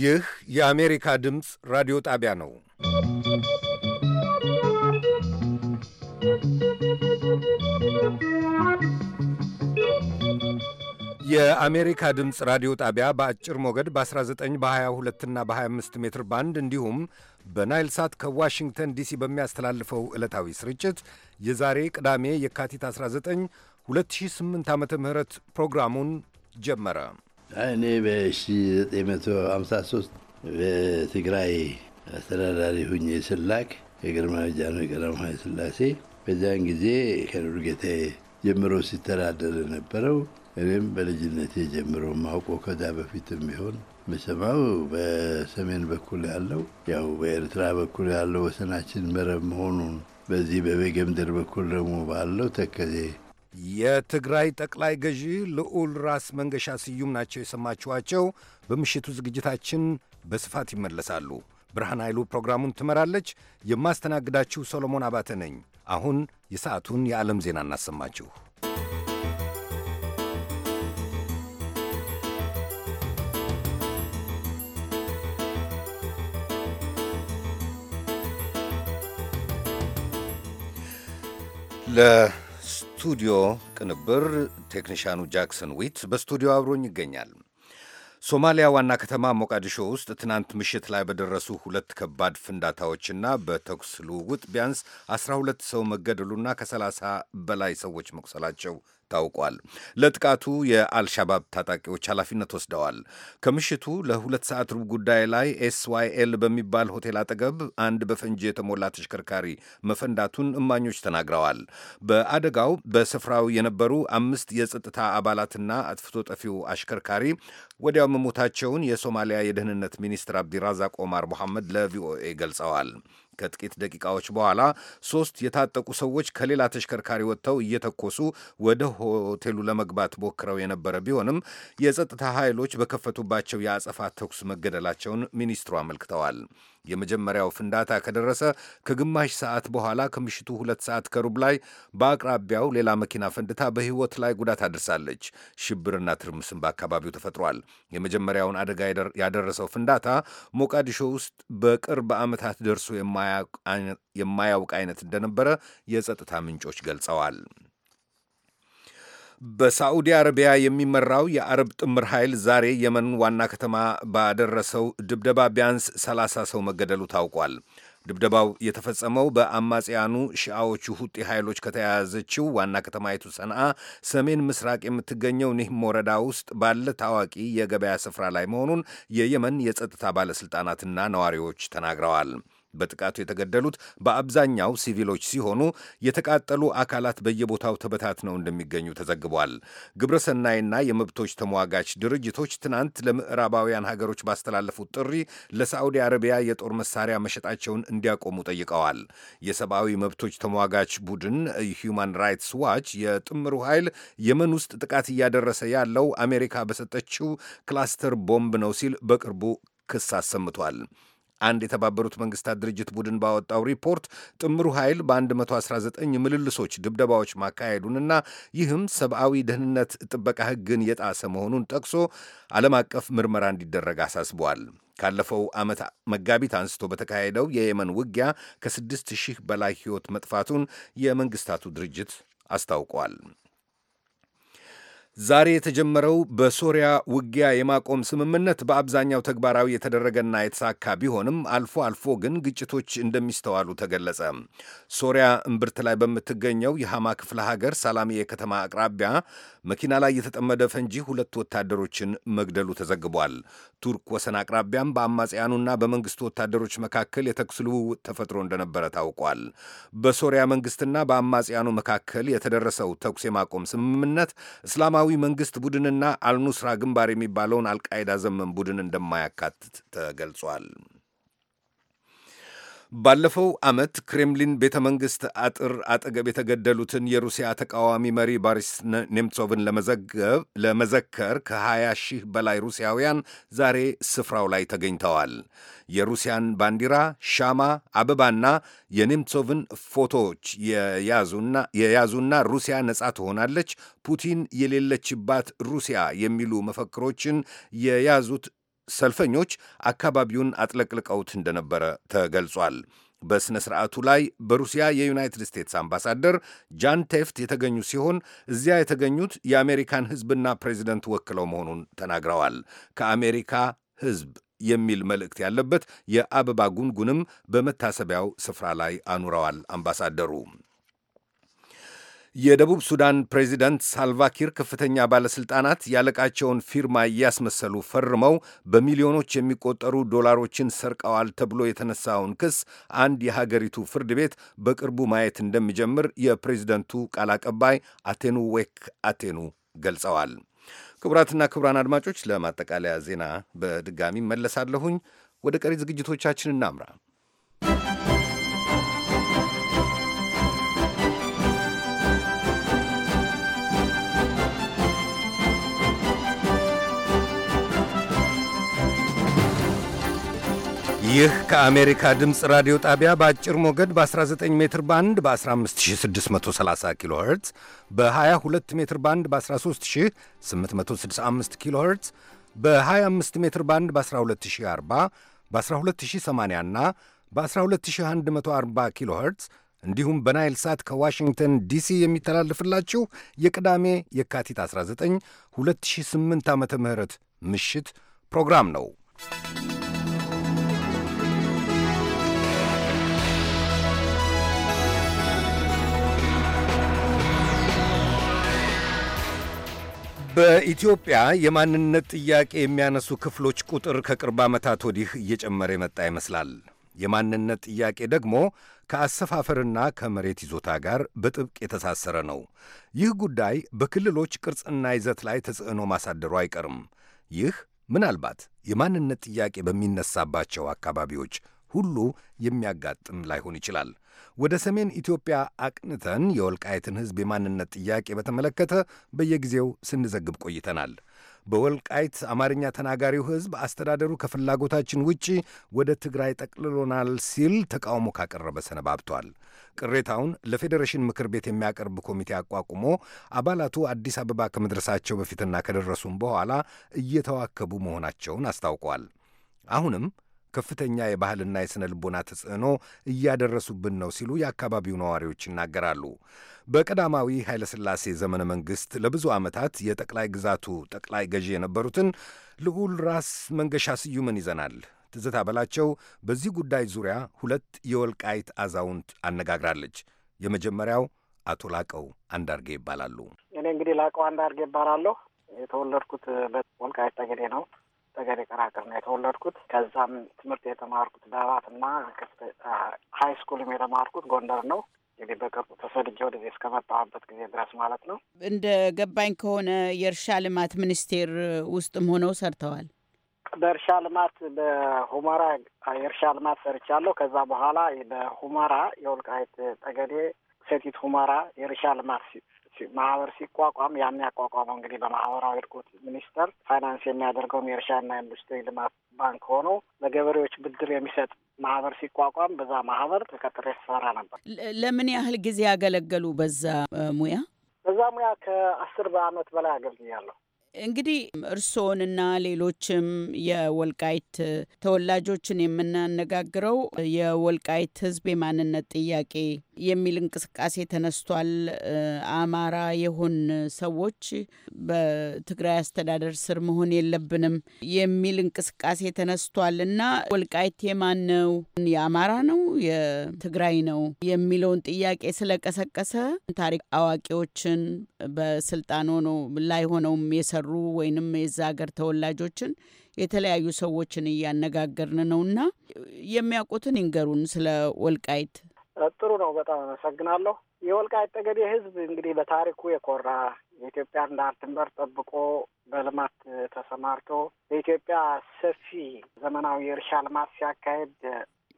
ይህ የአሜሪካ ድምፅ ራዲዮ ጣቢያ ነው። የአሜሪካ ድምፅ ራዲዮ ጣቢያ በአጭር ሞገድ በ19 22 እና በ25 ሜትር ባንድ እንዲሁም በናይል ሳት ከዋሽንግተን ዲሲ በሚያስተላልፈው ዕለታዊ ስርጭት የዛሬ ቅዳሜ የካቲት 19 2008 ዓ ም ፕሮግራሙን ጀመረ። እኔ በ1953 በትግራይ አስተዳዳሪ ሁኜ ስላክ የግርማዊ ጃንሆይ ቀዳማዊ በዚያን ጊዜ ከዱርጌታዬ ጀምሮ ሲተዳደር የነበረው እኔም በልጅነቴ ጀምሮ ማውቆ ከዛ በፊትም ቢሆን ምሰማው በሰሜን በኩል ያለው ያው በኤርትራ በኩል ያለው ወሰናችን መረብ መሆኑን በዚህ በቤገምድር በኩል ደግሞ ባለው ተከዜ የትግራይ ጠቅላይ ገዢ ልዑል ራስ መንገሻ ስዩም ናቸው የሰማችኋቸው። በምሽቱ ዝግጅታችን በስፋት ይመለሳሉ። ብርሃን ኃይሉ ፕሮግራሙን ትመራለች። የማስተናግዳችሁ ሰሎሞን አባተ ነኝ። አሁን የሰዓቱን የዓለም ዜና እናሰማችሁ። ለ የስቱዲዮ ቅንብር ቴክኒሻኑ ጃክሰን ዊት በስቱዲዮ አብሮኝ ይገኛል። ሶማሊያ ዋና ከተማ ሞቃዲሾ ውስጥ ትናንት ምሽት ላይ በደረሱ ሁለት ከባድ ፍንዳታዎችና በተኩስ ልውውጥ ቢያንስ 12 ሰው መገደሉና ከ30 በላይ ሰዎች መቁሰላቸው ታውቋል። ለጥቃቱ የአልሻባብ ታጣቂዎች ኃላፊነት ወስደዋል። ከምሽቱ ለሁለት ሰዓት ሩብ ጉዳይ ላይ ኤስዋይኤል በሚባል ሆቴል አጠገብ አንድ በፈንጂ የተሞላ ተሽከርካሪ መፈንዳቱን እማኞች ተናግረዋል። በአደጋው በስፍራው የነበሩ አምስት የጸጥታ አባላትና አጥፍቶ ጠፊው አሽከርካሪ ወዲያው መሞታቸውን የሶማሊያ የደህንነት ሚኒስትር አብዲራዛቅ ኦማር ሞሐመድ ለቪኦኤ ገልጸዋል። ከጥቂት ደቂቃዎች በኋላ ሶስት የታጠቁ ሰዎች ከሌላ ተሽከርካሪ ወጥተው እየተኮሱ ወደ ሆቴሉ ለመግባት ሞክረው የነበረ ቢሆንም የጸጥታ ኃይሎች በከፈቱባቸው የአጸፋ ተኩስ መገደላቸውን ሚኒስትሩ አመልክተዋል። የመጀመሪያው ፍንዳታ ከደረሰ ከግማሽ ሰዓት በኋላ ከምሽቱ ሁለት ሰዓት ከሩብ ላይ በአቅራቢያው ሌላ መኪና ፈንድታ በሕይወት ላይ ጉዳት አድርሳለች። ሽብርና ትርምስም በአካባቢው ተፈጥሯል። የመጀመሪያውን አደጋ ያደረሰው ፍንዳታ ሞቃዲሾ ውስጥ በቅርብ ዓመታት ደርሶ የማያውቅ አይነት እንደነበረ የጸጥታ ምንጮች ገልጸዋል። በሳዑዲ አረቢያ የሚመራው የአረብ ጥምር ኃይል ዛሬ የመን ዋና ከተማ ባደረሰው ድብደባ ቢያንስ 30 ሰው መገደሉ ታውቋል። ድብደባው የተፈጸመው በአማጽያኑ ሺአዎቹ ሁጢ ኃይሎች ከተያያዘችው ዋና ከተማይቱ ሰንዓ ሰሜን ምስራቅ የምትገኘው ኒህም ወረዳ ውስጥ ባለ ታዋቂ የገበያ ስፍራ ላይ መሆኑን የየመን የጸጥታ ባለሥልጣናትና ነዋሪዎች ተናግረዋል። በጥቃቱ የተገደሉት በአብዛኛው ሲቪሎች ሲሆኑ የተቃጠሉ አካላት በየቦታው ተበታትነው እንደሚገኙ ተዘግቧል። ግብረሰናይና የመብቶች ተሟጋች ድርጅቶች ትናንት ለምዕራባውያን ሀገሮች ባስተላለፉት ጥሪ ለሳዑዲ አረቢያ የጦር መሳሪያ መሸጣቸውን እንዲያቆሙ ጠይቀዋል። የሰብአዊ መብቶች ተሟጋች ቡድን ሂውማን ራይትስ ዋች የጥምሩ ኃይል የመን ውስጥ ጥቃት እያደረሰ ያለው አሜሪካ በሰጠችው ክላስተር ቦምብ ነው ሲል በቅርቡ ክስ አሰምቷል። አንድ የተባበሩት መንግስታት ድርጅት ቡድን ባወጣው ሪፖርት ጥምሩ ኃይል በ119 ምልልሶች ድብደባዎች ማካሄዱንና ይህም ሰብአዊ ደህንነት ጥበቃ ሕግን የጣሰ መሆኑን ጠቅሶ ዓለም አቀፍ ምርመራ እንዲደረግ አሳስቧል። ካለፈው ዓመት መጋቢት አንስቶ በተካሄደው የየመን ውጊያ ከስድስት ሺህ በላይ ሕይወት መጥፋቱን የመንግስታቱ ድርጅት አስታውቋል። ዛሬ የተጀመረው በሶሪያ ውጊያ የማቆም ስምምነት በአብዛኛው ተግባራዊ የተደረገና የተሳካ ቢሆንም አልፎ አልፎ ግን ግጭቶች እንደሚስተዋሉ ተገለጸ። ሶሪያ እምብርት ላይ በምትገኘው የሐማ ክፍለ ሀገር ሳላሚዬ የከተማ አቅራቢያ መኪና ላይ የተጠመደ ፈንጂ ሁለት ወታደሮችን መግደሉ ተዘግቧል። ቱርክ ወሰን አቅራቢያም በአማጽያኑና በመንግስቱ ወታደሮች መካከል የተኩስ ልውውጥ ተፈጥሮ እንደነበረ ታውቋል። በሶሪያ መንግስትና በአማጽያኑ መካከል የተደረሰው ተኩስ የማቆም ስምምነት እስላማዊ እስላማዊ መንግስት ቡድንና አልኑስራ ግንባር የሚባለውን አልቃይዳ ዘመን ቡድን እንደማያካትት ተገልጿል። ባለፈው ዓመት ክሬምሊን ቤተ መንግሥት አጥር አጠገብ የተገደሉትን የሩሲያ ተቃዋሚ መሪ ቦሪስ ኔምሶቭን ለመዘከር ከ20 ሺህ በላይ ሩሲያውያን ዛሬ ስፍራው ላይ ተገኝተዋል። የሩሲያን ባንዲራ፣ ሻማ፣ አበባና የኔምሶቭን ፎቶዎች የያዙና ሩሲያ ነጻ ትሆናለች፣ ፑቲን የሌለችባት ሩሲያ የሚሉ መፈክሮችን የያዙት ሰልፈኞች አካባቢውን አጥለቅልቀውት እንደነበረ ተገልጿል። በሥነ ሥርዓቱ ላይ በሩሲያ የዩናይትድ ስቴትስ አምባሳደር ጃን ቴፍት የተገኙ ሲሆን እዚያ የተገኙት የአሜሪካን ሕዝብና ፕሬዚደንት ወክለው መሆኑን ተናግረዋል። ከአሜሪካ ሕዝብ የሚል መልእክት ያለበት የአበባ ጉንጉንም በመታሰቢያው ስፍራ ላይ አኑረዋል አምባሳደሩ። የደቡብ ሱዳን ፕሬዚደንት ሳልቫኪር ከፍተኛ ባለሥልጣናት ያለቃቸውን ፊርማ እያስመሰሉ ፈርመው በሚሊዮኖች የሚቆጠሩ ዶላሮችን ሰርቀዋል ተብሎ የተነሳውን ክስ አንድ የሀገሪቱ ፍርድ ቤት በቅርቡ ማየት እንደሚጀምር የፕሬዚደንቱ ቃል አቀባይ አቴኑ ዌክ አቴኑ ገልጸዋል። ክቡራትና ክቡራን አድማጮች ለማጠቃለያ ዜና በድጋሚ መለሳለሁኝ። ወደ ቀሪ ዝግጅቶቻችን እናምራ። ይህ ከአሜሪካ ድምፅ ራዲዮ ጣቢያ በአጭር ሞገድ በ19 ሜትር ባንድ በ15630 ኪሎ ኸርትዝ በ22 ሜትር ባንድ በ13865 ኪሎ ኸርትዝ በ25 ሜትር ባንድ በ 1240 በ12080 እና በ12140 ኪሎ ኸርትዝ እንዲሁም በናይል ሳት ከዋሽንግተን ዲሲ የሚተላልፍላችሁ የቅዳሜ የካቲት 19 2008 ዓ ምሽት ፕሮግራም ነው። በኢትዮጵያ የማንነት ጥያቄ የሚያነሱ ክፍሎች ቁጥር ከቅርብ ዓመታት ወዲህ እየጨመረ የመጣ ይመስላል። የማንነት ጥያቄ ደግሞ ከአሰፋፈርና ከመሬት ይዞታ ጋር በጥብቅ የተሳሰረ ነው። ይህ ጉዳይ በክልሎች ቅርጽና ይዘት ላይ ተጽዕኖ ማሳደሩ አይቀርም። ይህ ምናልባት የማንነት ጥያቄ በሚነሳባቸው አካባቢዎች ሁሉ የሚያጋጥም ላይሆን ይችላል። ወደ ሰሜን ኢትዮጵያ አቅንተን የወልቃይትን ሕዝብ የማንነት ጥያቄ በተመለከተ በየጊዜው ስንዘግብ ቆይተናል። በወልቃይት አማርኛ ተናጋሪው ሕዝብ አስተዳደሩ ከፍላጎታችን ውጪ ወደ ትግራይ ጠቅልሎናል ሲል ተቃውሞ ካቀረበ ሰነባብቷል። ቅሬታውን ለፌዴሬሽን ምክር ቤት የሚያቀርብ ኮሚቴ አቋቁሞ አባላቱ አዲስ አበባ ከመድረሳቸው በፊትና ከደረሱም በኋላ እየተዋከቡ መሆናቸውን አስታውቋል። አሁንም ከፍተኛ የባህልና የሥነ ልቦና ተጽዕኖ እያደረሱብን ነው ሲሉ የአካባቢው ነዋሪዎች ይናገራሉ። በቀዳማዊ ኃይለሥላሴ ዘመነ መንግሥት ለብዙ ዓመታት የጠቅላይ ግዛቱ ጠቅላይ ገዢ የነበሩትን ልዑል ራስ መንገሻ ስዩምን ይዘናል። ትዝታ በላቸው በዚህ ጉዳይ ዙሪያ ሁለት የወልቃይት አዛውንት አነጋግራለች። የመጀመሪያው አቶ ላቀው አንዳርጌ ይባላሉ። እኔ እንግዲህ ላቀው አንዳርጌ ይባላለሁ። የተወለድኩት ወልቃይት ጠገዴ ነው። ጠገዴ ቀራቅር ነው የተወለድኩት። ከዛም ትምህርት የተማርኩት ዳባት እና ሀይ ስኩልም የተማርኩት ጎንደር ነው። እንግዲህ በቅርቡ ተሰድጄ ወደዚህ እስከመጣሁበት ጊዜ ድረስ ማለት ነው። እንደ ገባኝ ከሆነ የእርሻ ልማት ሚኒስቴር ውስጥም ሆነው ሰርተዋል። በእርሻ ልማት በሁመራ የእርሻ ልማት ሰርቻለሁ። ከዛ በኋላ በሁመራ የወልቃይት ጠገዴ ሴቲት ሁመራ የእርሻ ልማት ማህበር ሲቋቋም ያን ያቋቋመው እንግዲህ በማህበራዊ እድገት ሚኒስቴር ፋይናንስ የሚያደርገውን የእርሻና ኢንዱስትሪ ልማት ባንክ ሆኖ ለገበሬዎች ብድር የሚሰጥ ማህበር ሲቋቋም በዛ ማህበር ተቀጥሬ የተሰራ ነበር። ለምን ያህል ጊዜ ያገለገሉ በዛ ሙያ? በዛ ሙያ ከአስር በአመት በላይ አገልግያለሁ። እንግዲህ እርስዎንና ሌሎችም የወልቃይት ተወላጆችን የምናነጋግረው የወልቃይት ሕዝብ የማንነት ጥያቄ የሚል እንቅስቃሴ ተነስቷል። አማራ የሆን ሰዎች በትግራይ አስተዳደር ስር መሆን የለብንም የሚል እንቅስቃሴ ተነስቷል እና ወልቃይት የማን ነው? የአማራ ነው? የትግራይ ነው? የሚለውን ጥያቄ ስለቀሰቀሰ ታሪክ አዋቂዎችን በስልጣን ሆኖ ላይ ሆነውም የሰሩ የተሰሩ ወይንም የዛ ሀገር ተወላጆችን የተለያዩ ሰዎችን እያነጋገርን ነው እና የሚያውቁትን ይንገሩን ስለ ወልቃይት። ጥሩ ነው። በጣም አመሰግናለሁ። የወልቃይት ጠገዴ ሕዝብ እንግዲህ በታሪኩ የኮራ የኢትዮጵያን ዳር ድንበር ጠብቆ በልማት ተሰማርቶ በኢትዮጵያ ሰፊ ዘመናዊ የእርሻ ልማት ሲያካሄድ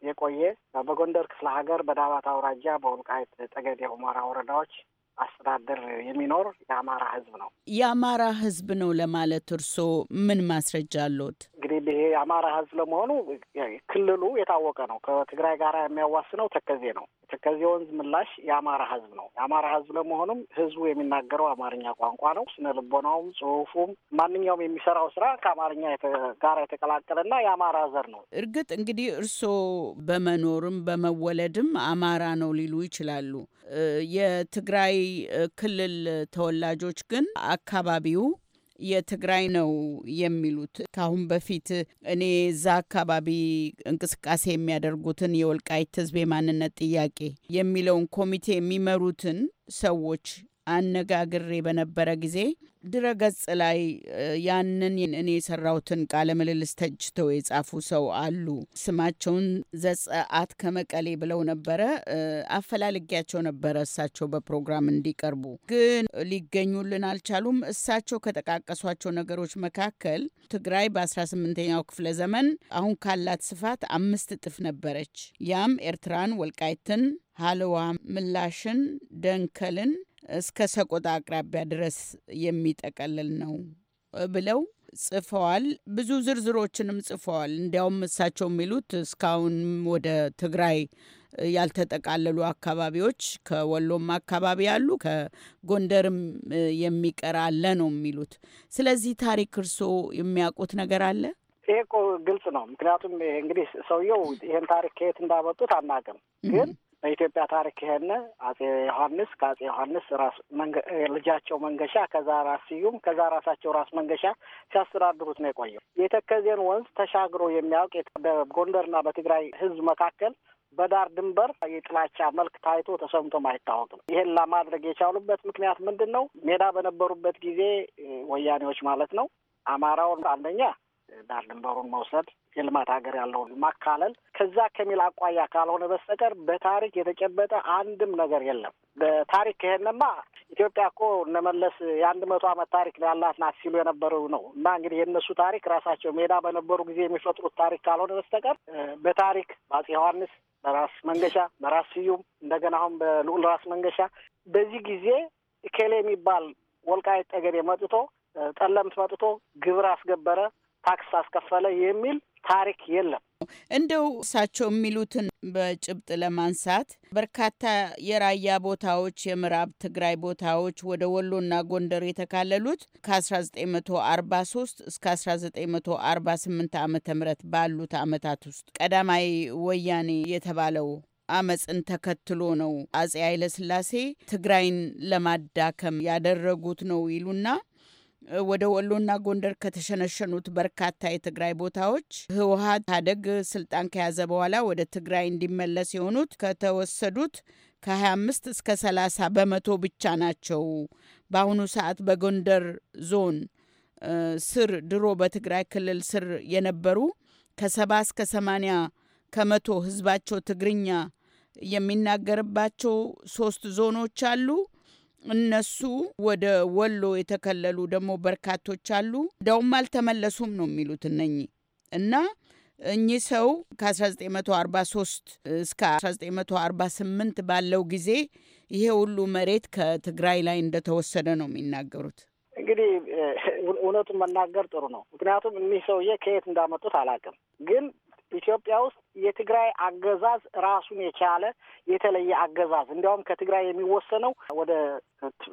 የቆየ በጎንደር ክፍለ ሀገር በዳባት አውራጃ በወልቃይት ጠገዴ ሁመራ ወረዳዎች አስተዳደር የሚኖር የአማራ ህዝብ ነው። የአማራ ህዝብ ነው ለማለት እርስዎ ምን ማስረጃ አለዎት? እንግዲህ ይሄ የአማራ ህዝብ ለመሆኑ ክልሉ የታወቀ ነው። ከትግራይ ጋር የሚያዋስነው ተከዜ ነው። የተከዜ ወንዝ ምላሽ የአማራ ህዝብ ነው። የአማራ ህዝብ ለመሆኑም ህዝቡ የሚናገረው አማርኛ ቋንቋ ነው። ስነ ልቦናውም፣ ጽሁፉም፣ ማንኛውም የሚሰራው ስራ ከአማርኛ ጋር የተቀላቀለና የአማራ ዘር ነው። እርግጥ እንግዲህ እርስዎ በመኖርም በመወለድም አማራ ነው ሊሉ ይችላሉ። የትግራይ ክልል ተወላጆች ግን አካባቢው የትግራይ ነው የሚሉት። ከአሁን በፊት እኔ እዛ አካባቢ እንቅስቃሴ የሚያደርጉትን የወልቃይት ህዝብ የማንነት ጥያቄ የሚለውን ኮሚቴ የሚመሩትን ሰዎች አነጋግሬ በነበረ ጊዜ ድረገጽ ላይ ያንን እኔ የሰራሁትን ቃለ ምልልስ ተችተው የጻፉ ሰው አሉ። ስማቸውን ዘጸአት ከመቀሌ ብለው ነበረ። አፈላልጊያቸው ነበረ እሳቸው በፕሮግራም እንዲቀርቡ ግን ሊገኙልን አልቻሉም። እሳቸው ከጠቃቀሷቸው ነገሮች መካከል ትግራይ በ18ኛው ክፍለ ዘመን አሁን ካላት ስፋት አምስት እጥፍ ነበረች። ያም ኤርትራን፣ ወልቃይትን፣ ሀለዋ፣ ምላሽን፣ ደንከልን እስከ ሰቆጣ አቅራቢያ ድረስ የሚጠቀልል ነው ብለው ጽፈዋል። ብዙ ዝርዝሮችንም ጽፈዋል። እንዲያውም እሳቸው የሚሉት እስካሁን ወደ ትግራይ ያልተጠቃለሉ አካባቢዎች ከወሎም አካባቢ አሉ ከጎንደርም የሚቀር አለ ነው የሚሉት። ስለዚህ ታሪክ እርስዎ የሚያውቁት ነገር አለ? ይሄ እኮ ግልጽ ነው። ምክንያቱም እንግዲህ ሰውየው ይህን ታሪክ ከየት እንዳመጡት አናውቅም ግን በኢትዮጵያ ታሪክ ይሄን አጼ ዮሐንስ ከአጼ ዮሐንስ ራስ ልጃቸው መንገሻ ከዛ ራስ ስዩም ከዛ ራሳቸው ራስ መንገሻ ሲያስተዳድሩት ነው የቆየው። የተከዜን ወንዝ ተሻግሮ የሚያውቅ በጎንደርና በትግራይ ህዝብ መካከል በዳር ድንበር የጥላቻ መልክ ታይቶ ተሰምቶም አይታወቅም። ይሄን ለማድረግ የቻሉበት ምክንያት ምንድን ነው? ሜዳ በነበሩበት ጊዜ ወያኔዎች ማለት ነው አማራውን አንደኛ ዳር መውሰድ የልማት ሀገር ያለውን ማካለል ከዛ ከሚል አቋያ ካልሆነ በስተቀር በታሪክ የተጨበጠ አንድም ነገር የለም። በታሪክ ይሄንማ ኢትዮጵያ እኮ እነመለስ የአንድ መቶ ዓመት ታሪክ ያላት ናት ሲሉ የነበረው ነው እና እንግዲህ የእነሱ ታሪክ ራሳቸው ሜዳ በነበሩ ጊዜ የሚፈጥሩት ታሪክ ካልሆነ በስተቀር በታሪክ በአፄ ዮሐንስ፣ በራስ መንገሻ፣ በራስ ስዩም እንደገና አሁን በልዑል ራስ መንገሻ በዚህ ጊዜ እከሌ የሚባል ወልቃይት ጠገዴ መጥቶ ጠለምት መጥቶ ግብር አስገበረ ታክስ አስከፈለ የሚል ታሪክ የለም። እንደው እሳቸው የሚሉትን በጭብጥ ለማንሳት በርካታ የራያ ቦታዎች፣ የምዕራብ ትግራይ ቦታዎች ወደ ወሎና ጎንደር የተካለሉት ከ1943 እስከ 1948 ዓ ም ባሉት ዓመታት ውስጥ ቀዳማዊ ወያኔ የተባለው አመፅን ተከትሎ ነው። አጼ ኃይለስላሴ ትግራይን ለማዳከም ያደረጉት ነው ይሉና ወደ ወሎና ጎንደር ከተሸነሸኑት በርካታ የትግራይ ቦታዎች ህወሀት ታደግ ስልጣን ከያዘ በኋላ ወደ ትግራይ እንዲመለስ የሆኑት ከተወሰዱት ከ25 እስከ 30 በመቶ ብቻ ናቸው። በአሁኑ ሰዓት በጎንደር ዞን ስር ድሮ በትግራይ ክልል ስር የነበሩ ከ70 እስከ 80 ከመቶ ህዝባቸው ትግርኛ የሚናገርባቸው ሶስት ዞኖች አሉ። እነሱ ወደ ወሎ የተከለሉ ደግሞ በርካቶች አሉ። እንደውም አልተመለሱም ነው የሚሉት እነኚህ እና እኚህ ሰው ከ1943 እስከ 1948 ባለው ጊዜ ይሄ ሁሉ መሬት ከትግራይ ላይ እንደተወሰደ ነው የሚናገሩት። እንግዲህ እውነቱን መናገር ጥሩ ነው። ምክንያቱም እኒህ ሰውዬ ከየት እንዳመጡት አላውቅም፣ ግን ኢትዮጵያ ውስጥ የትግራይ አገዛዝ ራሱን የቻለ የተለየ አገዛዝ እንዲያውም ከትግራይ የሚወሰነው ወደ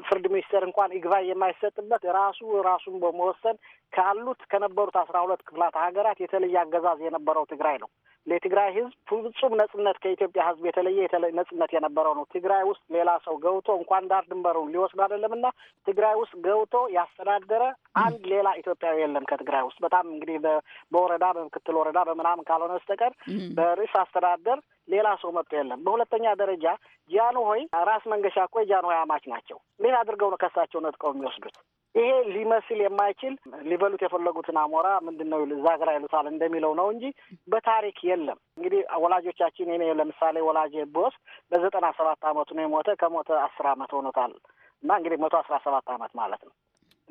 ፍርድ ሚኒስቴር እንኳን ይግባኝ የማይሰጥበት ራሱ ራሱን በመወሰን ካሉት ከነበሩት አስራ ሁለት ክፍላት ሀገራት የተለየ አገዛዝ የነበረው ትግራይ ነው። ለትግራይ ህዝብ ፍጹም ነጽነት ከኢትዮጵያ ህዝብ የተለየ ነጽነት የነበረው ነው። ትግራይ ውስጥ ሌላ ሰው ገብቶ እንኳን ዳር ድንበሩን ሊወስድ አይደለምና ትግራይ ውስጥ ገብቶ ያስተዳደረ አንድ ሌላ ኢትዮጵያዊ የለም ከትግራይ ውስጥ በጣም እንግዲህ በወረዳ በምክትል ወረዳ በምናምን ካልሆነ በስተቀር በርዕስ አስተዳደር ሌላ ሰው መጥቶ የለም። በሁለተኛ ደረጃ ጃንሆይ ራስ መንገሻ እኮ የጃንሆይ አማች ናቸው። እንዴት አድርገው ነው ከሳቸው ነጥቀው የሚወስዱት? ይሄ ሊመስል የማይችል ሊበሉት የፈለጉትን አሞራ ምንድን ነው ዛግራ ይሉታል እንደሚለው ነው እንጂ በታሪክ የለም። እንግዲህ ወላጆቻችን እኔ ለምሳሌ ወላጅ ቦስ በዘጠና ሰባት አመቱ ነው የሞተ። ከሞተ አስር አመት ሆኖታል እና እንግዲህ መቶ አስራ ሰባት አመት ማለት ነው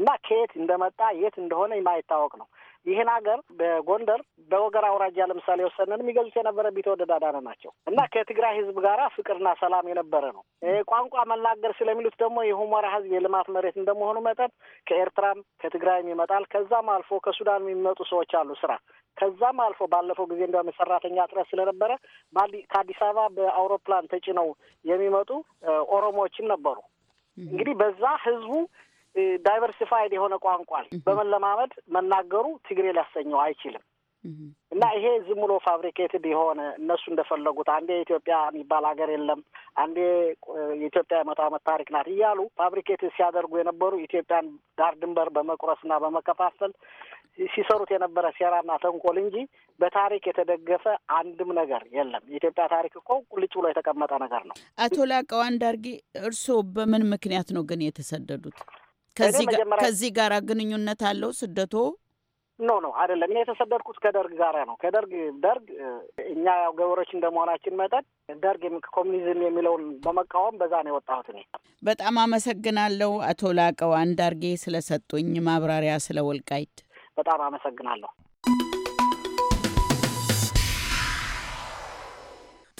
እና ከየት እንደመጣ የት እንደሆነ የማይታወቅ ነው። ይህን ሀገር በጎንደር በወገራ አውራጃ ለምሳሌ ወሰንን የሚገዙት የነበረ ቢተወደድ አዳነ ናቸው እና ከትግራይ ህዝብ ጋራ ፍቅርና ሰላም የነበረ ነው። ቋንቋ መናገር ስለሚሉት ደግሞ የሁመራ ህዝብ የልማት መሬት እንደመሆኑ መጠን ከኤርትራም ከትግራይም ይመጣል። ከዛም አልፎ ከሱዳን የሚመጡ ሰዎች አሉ ስራ ከዛም አልፎ ባለፈው ጊዜ እንዲያውም የሰራተኛ እጥረት ስለነበረ ከአዲስ አበባ በአውሮፕላን ተጭነው የሚመጡ ኦሮሞዎችም ነበሩ። እንግዲህ በዛ ህዝቡ ዳይቨርሲፋይድ የሆነ ቋንቋን በመለማመድ መናገሩ ትግሬ ሊያሰኘው አይችልም እና ይሄ ዝም ብሎ ፋብሪኬትድ የሆነ እነሱ እንደፈለጉት አንዴ ኢትዮጵያ የሚባል ሀገር የለም፣ አንዴ የኢትዮጵያ የመቶ ዓመት ታሪክ ናት እያሉ ፋብሪኬትድ ሲያደርጉ የነበሩ ኢትዮጵያን ዳር ድንበር በመቁረስና በመከፋፈል ሲሰሩት የነበረ ሴራና ተንኮል እንጂ በታሪክ የተደገፈ አንድም ነገር የለም። የኢትዮጵያ ታሪክ እኮ ቁልጭ ብሎ የተቀመጠ ነገር ነው። አቶ ላቀው አንዳርጌ፣ እርስዎ በምን ምክንያት ነው ግን የተሰደዱት? ከዚህ ጋር ግንኙነት አለው ስደቶ? ኖ ኖ አይደለም። እኔ የተሰደድኩት ከደርግ ጋር ነው። ከደርግ ደርግ እኛ ያው ገበሬዎች እንደመሆናችን መጠን ደርግ ኮሚኒዝም የሚለውን በመቃወም በዛ ነው የወጣሁት እኔ። በጣም አመሰግናለሁ አቶ ላቀው አንዳርጌ ስለሰጡኝ ማብራሪያ ስለ ወልቃይት በጣም አመሰግናለሁ።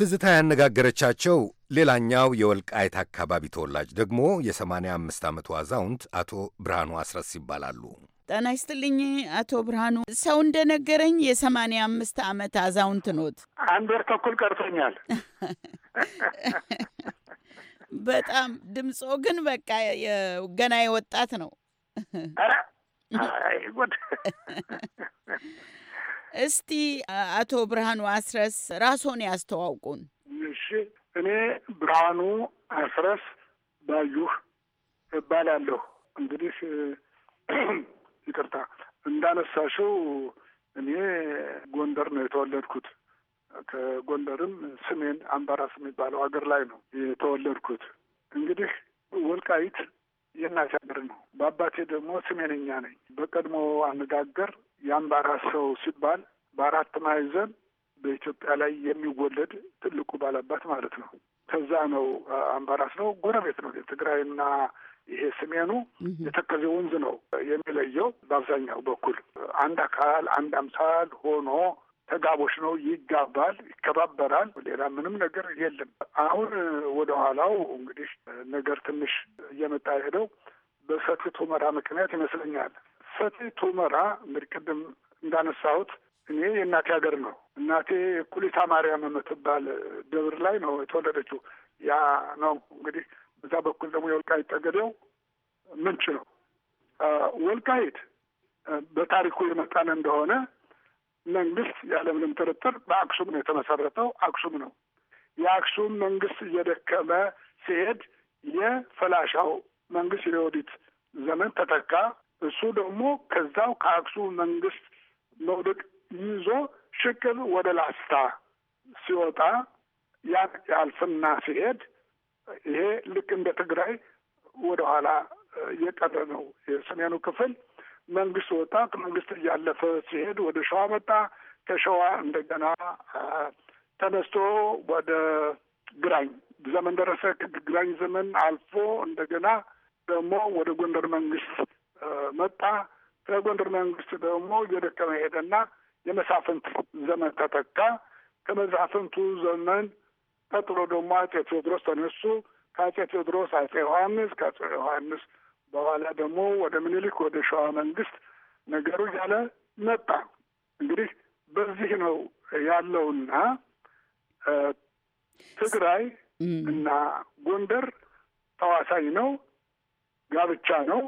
ትዝታ ያነጋገረቻቸው ሌላኛው የወልቃይት አካባቢ ተወላጅ ደግሞ የ85 ዓመቱ አዛውንት አቶ ብርሃኑ አስረስ ይባላሉ። ጤና ይስጥልኝ አቶ ብርሃኑ፣ ሰው እንደነገረኝ የሰማንያ አምስት ዓመት አዛውንት ኖት። አንድ ወር ተኩል ቀርቶኛል። በጣም ድምፆ ግን በቃ ገና የወጣት ነው። እስቲ አቶ ብርሃኑ አስረስ ራስዎን ያስተዋውቁን። እሺ፣ እኔ ብርሃኑ አስረስ ባዩህ እባላለሁ። እንግዲህ ይቅርታ እንዳነሳሽው እኔ ጎንደር ነው የተወለድኩት። ከጎንደርም ስሜን አምባራስ የሚባለው ሀገር ላይ ነው የተወለድኩት። እንግዲህ ወልቃይት የእናቴ ሀገር ነው። በአባቴ ደግሞ ስሜንኛ ነኝ። በቀድሞ አነጋገር የአምባራስ ሰው ሲባል በአራት ማዕዘን በኢትዮጵያ ላይ የሚወለድ ትልቁ ባላባት ማለት ነው። ከዛ ነው አምባራስ ነው፣ ጎረቤት ነው። የትግራይና ይሄ ሰሜኑ የተከዜ ወንዝ ነው የሚለየው። በአብዛኛው በኩል አንድ አካል አንድ አምሳል ሆኖ ተጋቦች ነው፣ ይጋባል፣ ይከባበራል። ሌላ ምንም ነገር የለም። አሁን ወደ ኋላው እንግዲህ ነገር ትንሽ እየመጣ የሄደው በሰቲት ሁመራ ምክንያት ይመስለኛል። ፍትህ ቱመራ እንግዲህ ቅድም እንዳነሳሁት እኔ የእናቴ ሀገር ነው። እናቴ ኩሊታ ማርያም የምትባል ደብር ላይ ነው የተወለደችው። ያ ነው እንግዲህ በዛ በኩል ደግሞ የወልቃይት ጠገዴው ምንጭ ነው። ወልቃይት በታሪኩ የመጣን እንደሆነ መንግስት ያለምንም ጥርጥር በአክሱም ነው የተመሰረተው። አክሱም ነው የአክሱም መንግስት እየደከመ ሲሄድ የፈላሻው መንግስት የወዲት ዘመን ተተካ። እሱ ደግሞ ከዛው ከአክሱም መንግስት መውደቅ ይዞ ሽቅብ ወደ ላስታ ሲወጣ ያን ያልፍና ሲሄድ ይሄ ልክ እንደ ትግራይ ወደኋላ የቀረ ነው። የሰሜኑ ክፍል መንግስት ወጣ መንግስት እያለፈ ሲሄድ ወደ ሸዋ መጣ። ከሸዋ እንደገና ተነስቶ ወደ ግራኝ ዘመን ደረሰ። ግራኝ ዘመን አልፎ እንደገና ደግሞ ወደ ጎንደር መንግስት መጣ። ከጎንደር መንግስት ደግሞ እየደከመ ሄደና የመሳፍንት ዘመን ተተካ። ከመሳፍንቱ ዘመን ቀጥሎ ደግሞ አጼ ቴዎድሮስ ተነሱ። ከአጼ ቴዎድሮስ አጼ ዮሐንስ፣ ከአጼ ዮሐንስ በኋላ ደግሞ ወደ ምኒልክ ወደ ሸዋ መንግስት ነገሩ እያለ መጣ። እንግዲህ በዚህ ነው ያለውና ትግራይ እና ጎንደር ተዋሳኝ ነው፣ ጋብቻ ነው።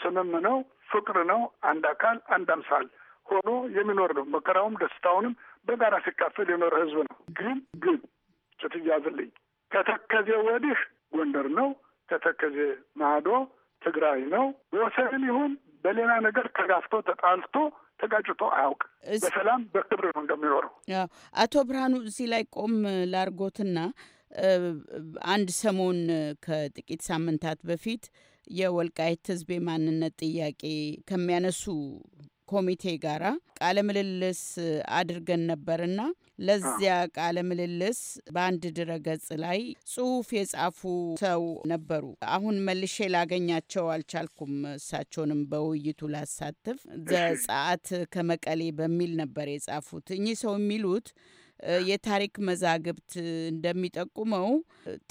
ስምም ነው፣ ፍቅር ነው። አንድ አካል አንድ አምሳል ሆኖ የሚኖር ነው። መከራውም ደስታውንም በጋራ ሲካፈል የኖረ ህዝብ ነው። ግን ግን ስትያዝልኝ ከተከዜ ወዲህ ጎንደር ነው፣ ከተከዜ ማዶ ትግራይ ነው። በወሰን ይሁን በሌላ ነገር ተጋፍቶ ተጣልቶ ተጋጭቶ አያውቅም። በሰላም በክብር ነው እንደሚኖረው። አቶ ብርሃኑ እዚህ ላይ ቆም ላርጎትና አንድ ሰሞን ከጥቂት ሳምንታት በፊት የወልቃይት ህዝብ የማንነት ጥያቄ ከሚያነሱ ኮሚቴ ጋራ ቃለ ምልልስ አድርገን ነበርና ለዚያ ቃለ ምልልስ በአንድ ድረገጽ ላይ ጽሁፍ የጻፉ ሰው ነበሩ። አሁን መልሼ ላገኛቸው አልቻልኩም። እሳቸውንም በውይይቱ ላሳትፍ ዘጸአት ከመቀሌ በሚል ነበር የጻፉት። እኚህ ሰው የሚሉት የታሪክ መዛግብት እንደሚጠቁመው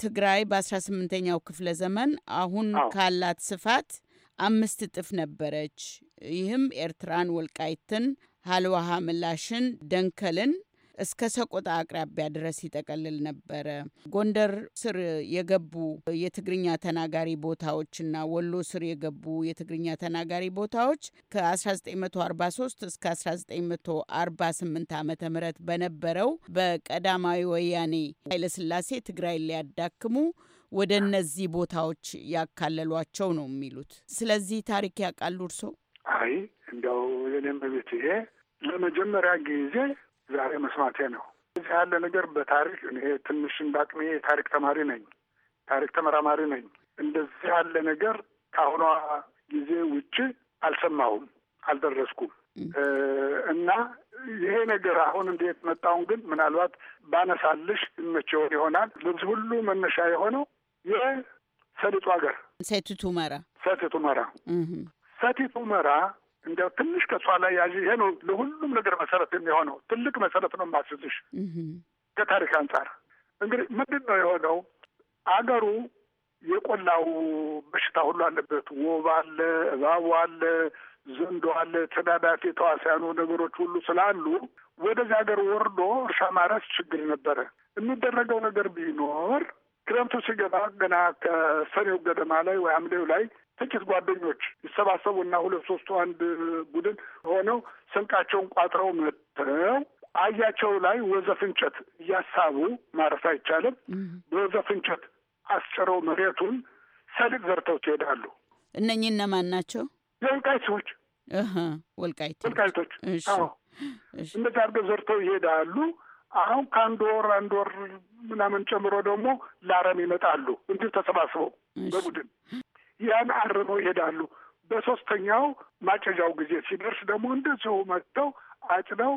ትግራይ በ18ኛው ክፍለ ዘመን አሁን ካላት ስፋት አምስት እጥፍ ነበረች። ይህም ኤርትራን፣ ወልቃይትን፣ ሀልዋሃ ምላሽን፣ ደንከልን እስከ ሰቆጣ አቅራቢያ ድረስ ይጠቀልል ነበረ። ጎንደር ስር የገቡ የትግርኛ ተናጋሪ ቦታዎችና ወሎ ስር የገቡ የትግርኛ ተናጋሪ ቦታዎች ከ1943 እስከ 1948 ዓ ም በነበረው በቀዳማዊ ወያኔ ኃይለስላሴ ትግራይ ሊያዳክሙ ወደ እነዚህ ቦታዎች ያካለሏቸው ነው የሚሉት። ስለዚህ ታሪክ ያውቃሉ እርሶ? አይ እንደው የኔም በቤት ይሄ ለመጀመሪያ ጊዜ ዛሬ መስማቴ ነው። እዚህ ያለ ነገር በታሪክ እኔ ትንሽ እንዳቅሜ የታሪክ ተማሪ ነኝ፣ ታሪክ ተመራማሪ ነኝ። እንደዚህ ያለ ነገር ከአሁኗ ጊዜ ውጭ አልሰማሁም፣ አልደረስኩም እና ይሄ ነገር አሁን እንዴት መጣውን ግን ምናልባት ባነሳልሽ ይመቸውን ይሆናል። ልብስ ሁሉ መነሻ የሆነው የሰሊጡ ሀገር ሰቲት ሁመራ ሰቲት ሁመራ ሰቲት ሁመራ እንዲያው ትንሽ ከእሷ ላይ ያዥ። ይሄ ነው ለሁሉም ነገር መሰረት የሚሆነው ትልቅ መሰረት ነው የማስዝሽ። ከታሪክ አንጻር እንግዲህ ምንድን ነው የሆነው አገሩ የቆላው በሽታ ሁሉ አለበት። ወብ አለ፣ እባቡ አለ፣ ዘንዶ አለ፣ ተዳዳፊ ተዋሲያኑ ነገሮች ሁሉ ስላሉ ወደዚህ ሀገር ወርዶ እርሻ ማረስ ችግር ነበረ። የሚደረገው ነገር ቢኖር ክረምቱ ሲገባ ገና ከሰኔው ገደማ ላይ ወይ ሐምሌው ላይ ጥቂት ጓደኞች ይሰባሰቡና ሁለት ሶስቱ አንድ ቡድን ሆነው ስንቃቸውን ቋጥረው መጥተው አያቸው ላይ ወዘፍ እንጨት እያሳቡ ማረፍ አይቻልም። በወዘፍ እንጨት አስጭረው መሬቱን ሰልቅ ዘርተው ትሄዳሉ። እነኚህ እነማን ናቸው? የወልቃይት ሰዎች ወልቃይት ወልቃይቶች። እንደዚህ አድርገው ዘርተው ይሄዳሉ። አሁን ከአንድ ወር አንድ ወር ምናምን ጨምሮ ደግሞ ለአረም ይመጣሉ። እንዲሁ ተሰባስበው በቡድን ያን አርመው ይሄዳሉ። በሶስተኛው ማጨጃው ጊዜ ሲደርስ ደግሞ እንደዚሁ መጥተው አጭነው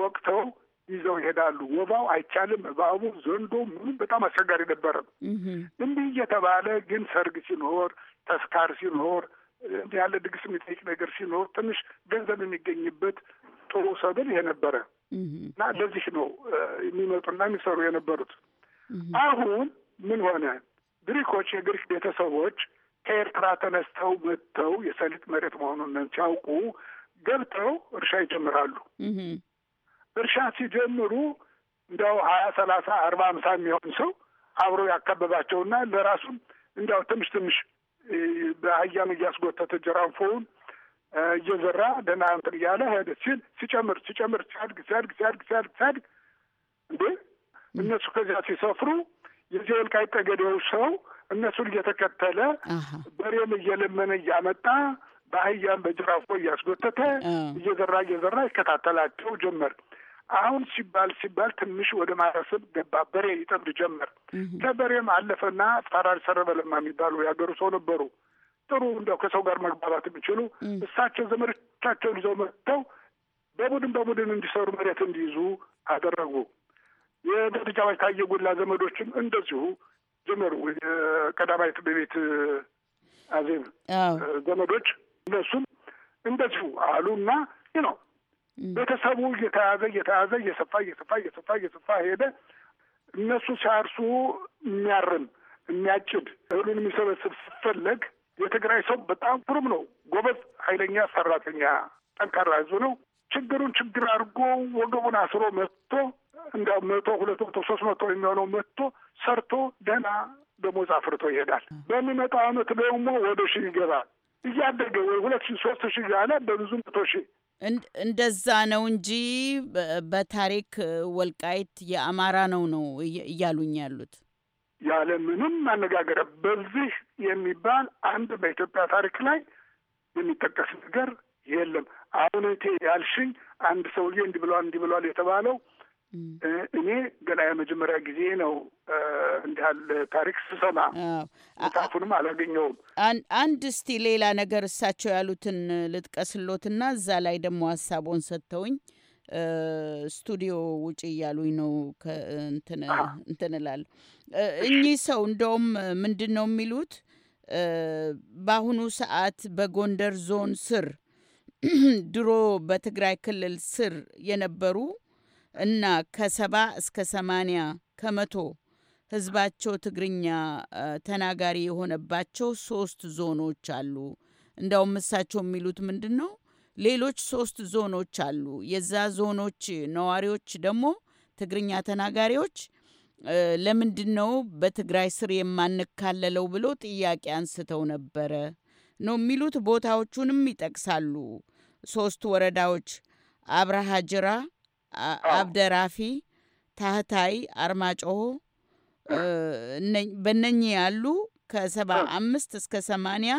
ወቅተው ይዘው ይሄዳሉ። ወባው አይቻልም። እባቡ፣ ዘንዶ ምኑ በጣም አስቸጋሪ ነበረ። እንዲህ እየተባለ ግን ሰርግ ሲኖር፣ ተስካር ሲኖር፣ ያለ ድግስ የሚጠይቅ ነገር ሲኖር ትንሽ ገንዘብ የሚገኝበት ጥሩ ሰብል ይሄ ነበረ እና ለዚህ ነው የሚመጡና የሚሰሩ የነበሩት። አሁን ምን ሆነ? ግሪኮች የግሪክ ቤተሰቦች ከኤርትራ ተነስተው መጥተው የሰሊጥ መሬት መሆኑን ሲያውቁ ገብተው እርሻ ይጀምራሉ። እርሻ ሲጀምሩ እንዲያው ሀያ ሰላሳ አርባ አምሳ የሚሆን ሰው አብሮ ያከበባቸውና ለራሱም እንዲያው ትንሽ ትንሽ በአህያም እያስጎተተ ጀራንፎውን እየዘራ ደህና እንትን እያለ ሄደ ሲል ሲጨምር ሲጨምር ሲያድግ ሲያድግ ሲያድግ ሲያድግ ሲያድግ እንዴ እነሱ ከዚያ ሲሰፍሩ የዚህ ወልቃይት ጠገዴው ሰው እነሱን እየተከተለ በሬም እየለመነ እያመጣ በአህያም በጅራፎ እያስጎተተ እየዘራ እየዘራ ይከታተላቸው ጀመር። አሁን ሲባል ሲባል ትንሽ ወደ ማረስብ ገባ። በሬ ይጠምድ ጀመር። ከበሬም አለፈና ፈራጅ ሰረበለማ የሚባሉ ያገሩ ሰው ነበሩ። ጥሩ እንደው ከሰው ጋር መግባባት የሚችሉ እሳቸው ዘመዶቻቸውን ይዘው መጥተው በቡድን በቡድን እንዲሰሩ መሬት እንዲይዙ አደረጉ። የደረጃዎች ታየ ጉላ ዘመዶችም እንደዚሁ ጀመሩ የቀዳማዊ እመቤት አዜብ ዘመዶች እነሱም እንደዚሁ አሉና ነው ቤተሰቡ እየተያዘ እየተያዘ እየሰፋ እየሰፋ እየሰፋ እየሰፋ ሄደ። እነሱ ሲያርሱ የሚያርም የሚያጭድ እህሉን የሚሰበስብ ሲፈለግ የትግራይ ሰው በጣም ግሩም ነው፣ ጎበዝ፣ ኃይለኛ፣ ሰራተኛ፣ ጠንካራ ህዝብ ነው። ችግሩን ችግር አድርጎ ወገቡን አስሮ መጥቶ እንደ መቶ ሁለት መቶ ሶስት መቶ የሚሆነው መጥቶ ሰርቶ ደህና ደሞዝ አፍርቶ ይሄዳል። በሚመጣው አመት ደግሞ ወደ ሺህ ይገባል። እያደገ ወይ ሁለት ሺህ ሶስት ሺህ ያለ በብዙ መቶ ሺህ እንደዛ ነው እንጂ በታሪክ ወልቃይት የአማራ ነው ነው እያሉኝ ያሉት ያለ ምንም አነጋገር። በዚህ የሚባል አንድ በኢትዮጵያ ታሪክ ላይ የሚጠቀስ ነገር የለም። አሁን እቴ ያልሽኝ አንድ ሰውዬ እንዲህ ብሏል እንዲህ ብሏል የተባለው እኔ ገና የመጀመሪያ ጊዜ ነው እንዲህ ያለ ታሪክ ስሰማ። መጽሐፉንም አላገኘውም። አንድ እስቲ ሌላ ነገር እሳቸው ያሉትን ልጥቀስሎትና እዛ ላይ ደግሞ ሀሳቦን ሰጥተውኝ ስቱዲዮ ውጪ እያሉኝ ነው እንትን እላለሁ። እኚህ ሰው እንደውም ምንድን ነው የሚሉት በአሁኑ ሰዓት በጎንደር ዞን ስር ድሮ በትግራይ ክልል ስር የነበሩ እና ከሰባ እስከ ሰማንያ ከመቶ ህዝባቸው ትግርኛ ተናጋሪ የሆነባቸው ሶስት ዞኖች አሉ። እንዳውም እሳቸው የሚሉት ምንድን ነው? ሌሎች ሶስት ዞኖች አሉ። የዛ ዞኖች ነዋሪዎች ደግሞ ትግርኛ ተናጋሪዎች ለምንድን ነው በትግራይ ስር የማንካለለው ብሎ ጥያቄ አንስተው ነበረ ነው የሚሉት። ቦታዎቹንም ይጠቅሳሉ። ሶስት ወረዳዎች አብረሃ አብደራፊ፣ ታህታይ፣ አርማጮሆ በነኚህ ያሉ ከሰባ አምስት እስከ ሰማንያ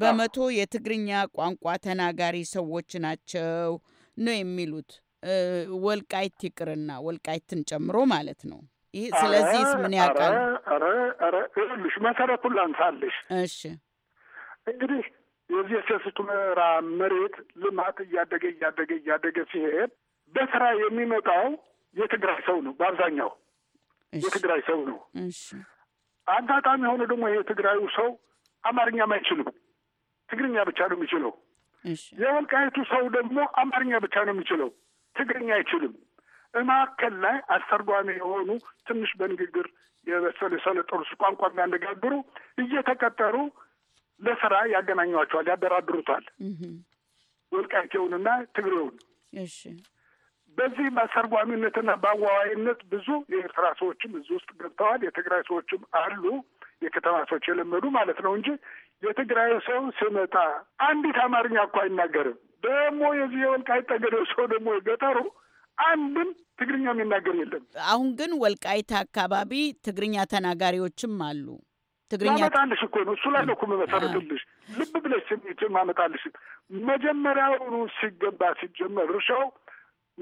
በመቶ የትግርኛ ቋንቋ ተናጋሪ ሰዎች ናቸው ነው የሚሉት። ወልቃይት ይቅርና ወልቃይትን ጨምሮ ማለት ነው። ይህ ስለዚህ ምን ያውቃል? ይኸውልሽ መሰረቱን ላንሳልሽ። እሺ እንግዲህ የዚህ የሰቲት ሁመራ መሬት ልማት እያደገ እያደገ እያደገ ሲሄድ በስራ የሚመጣው የትግራይ ሰው ነው። በአብዛኛው የትግራይ ሰው ነው። አጋጣሚ የሆነ ደግሞ የትግራዩ ሰው አማርኛም አይችልም፣ ትግርኛ ብቻ ነው የሚችለው። የወልቃይቱ ሰው ደግሞ አማርኛ ብቻ ነው የሚችለው፣ ትግርኛ አይችልም። እማከል ላይ አስተርጓሚ የሆኑ ትንሽ በንግግር የበሰሉ የሰለጠኑ ቋንቋ የሚያነጋግሩ እየተቀጠሩ ለስራ ያገናኟቸዋል፣ ያደራድሩታል ወልቃይቴውንና ትግሬውን። በዚህ በአስተርጓሚነትና በአዋዋይነት ብዙ የኤርትራ ሰዎችም እዚህ ውስጥ ገብተዋል። የትግራይ ሰዎችም አሉ፣ የከተማ ሰዎች የለመዱ ማለት ነው እንጂ የትግራይ ሰው ስመጣ አንዲት አማርኛ እኮ አይናገርም። ደግሞ የዚህ የወልቃይት ጠገዴ ሰው ደግሞ የገጠሩ አንድም ትግርኛ የሚናገር የለም። አሁን ግን ወልቃይት አካባቢ ትግርኛ ተናጋሪዎችም አሉ። ትግርኛ ማመጣልሽ እኮ ነው። እሱ ላይ ነው እኮ መሰረትልሽ። ልብ ብለሽ ስሚት ማመጣልሽ መጀመሪያውኑ ሲገባ ሲጀመር እርሻው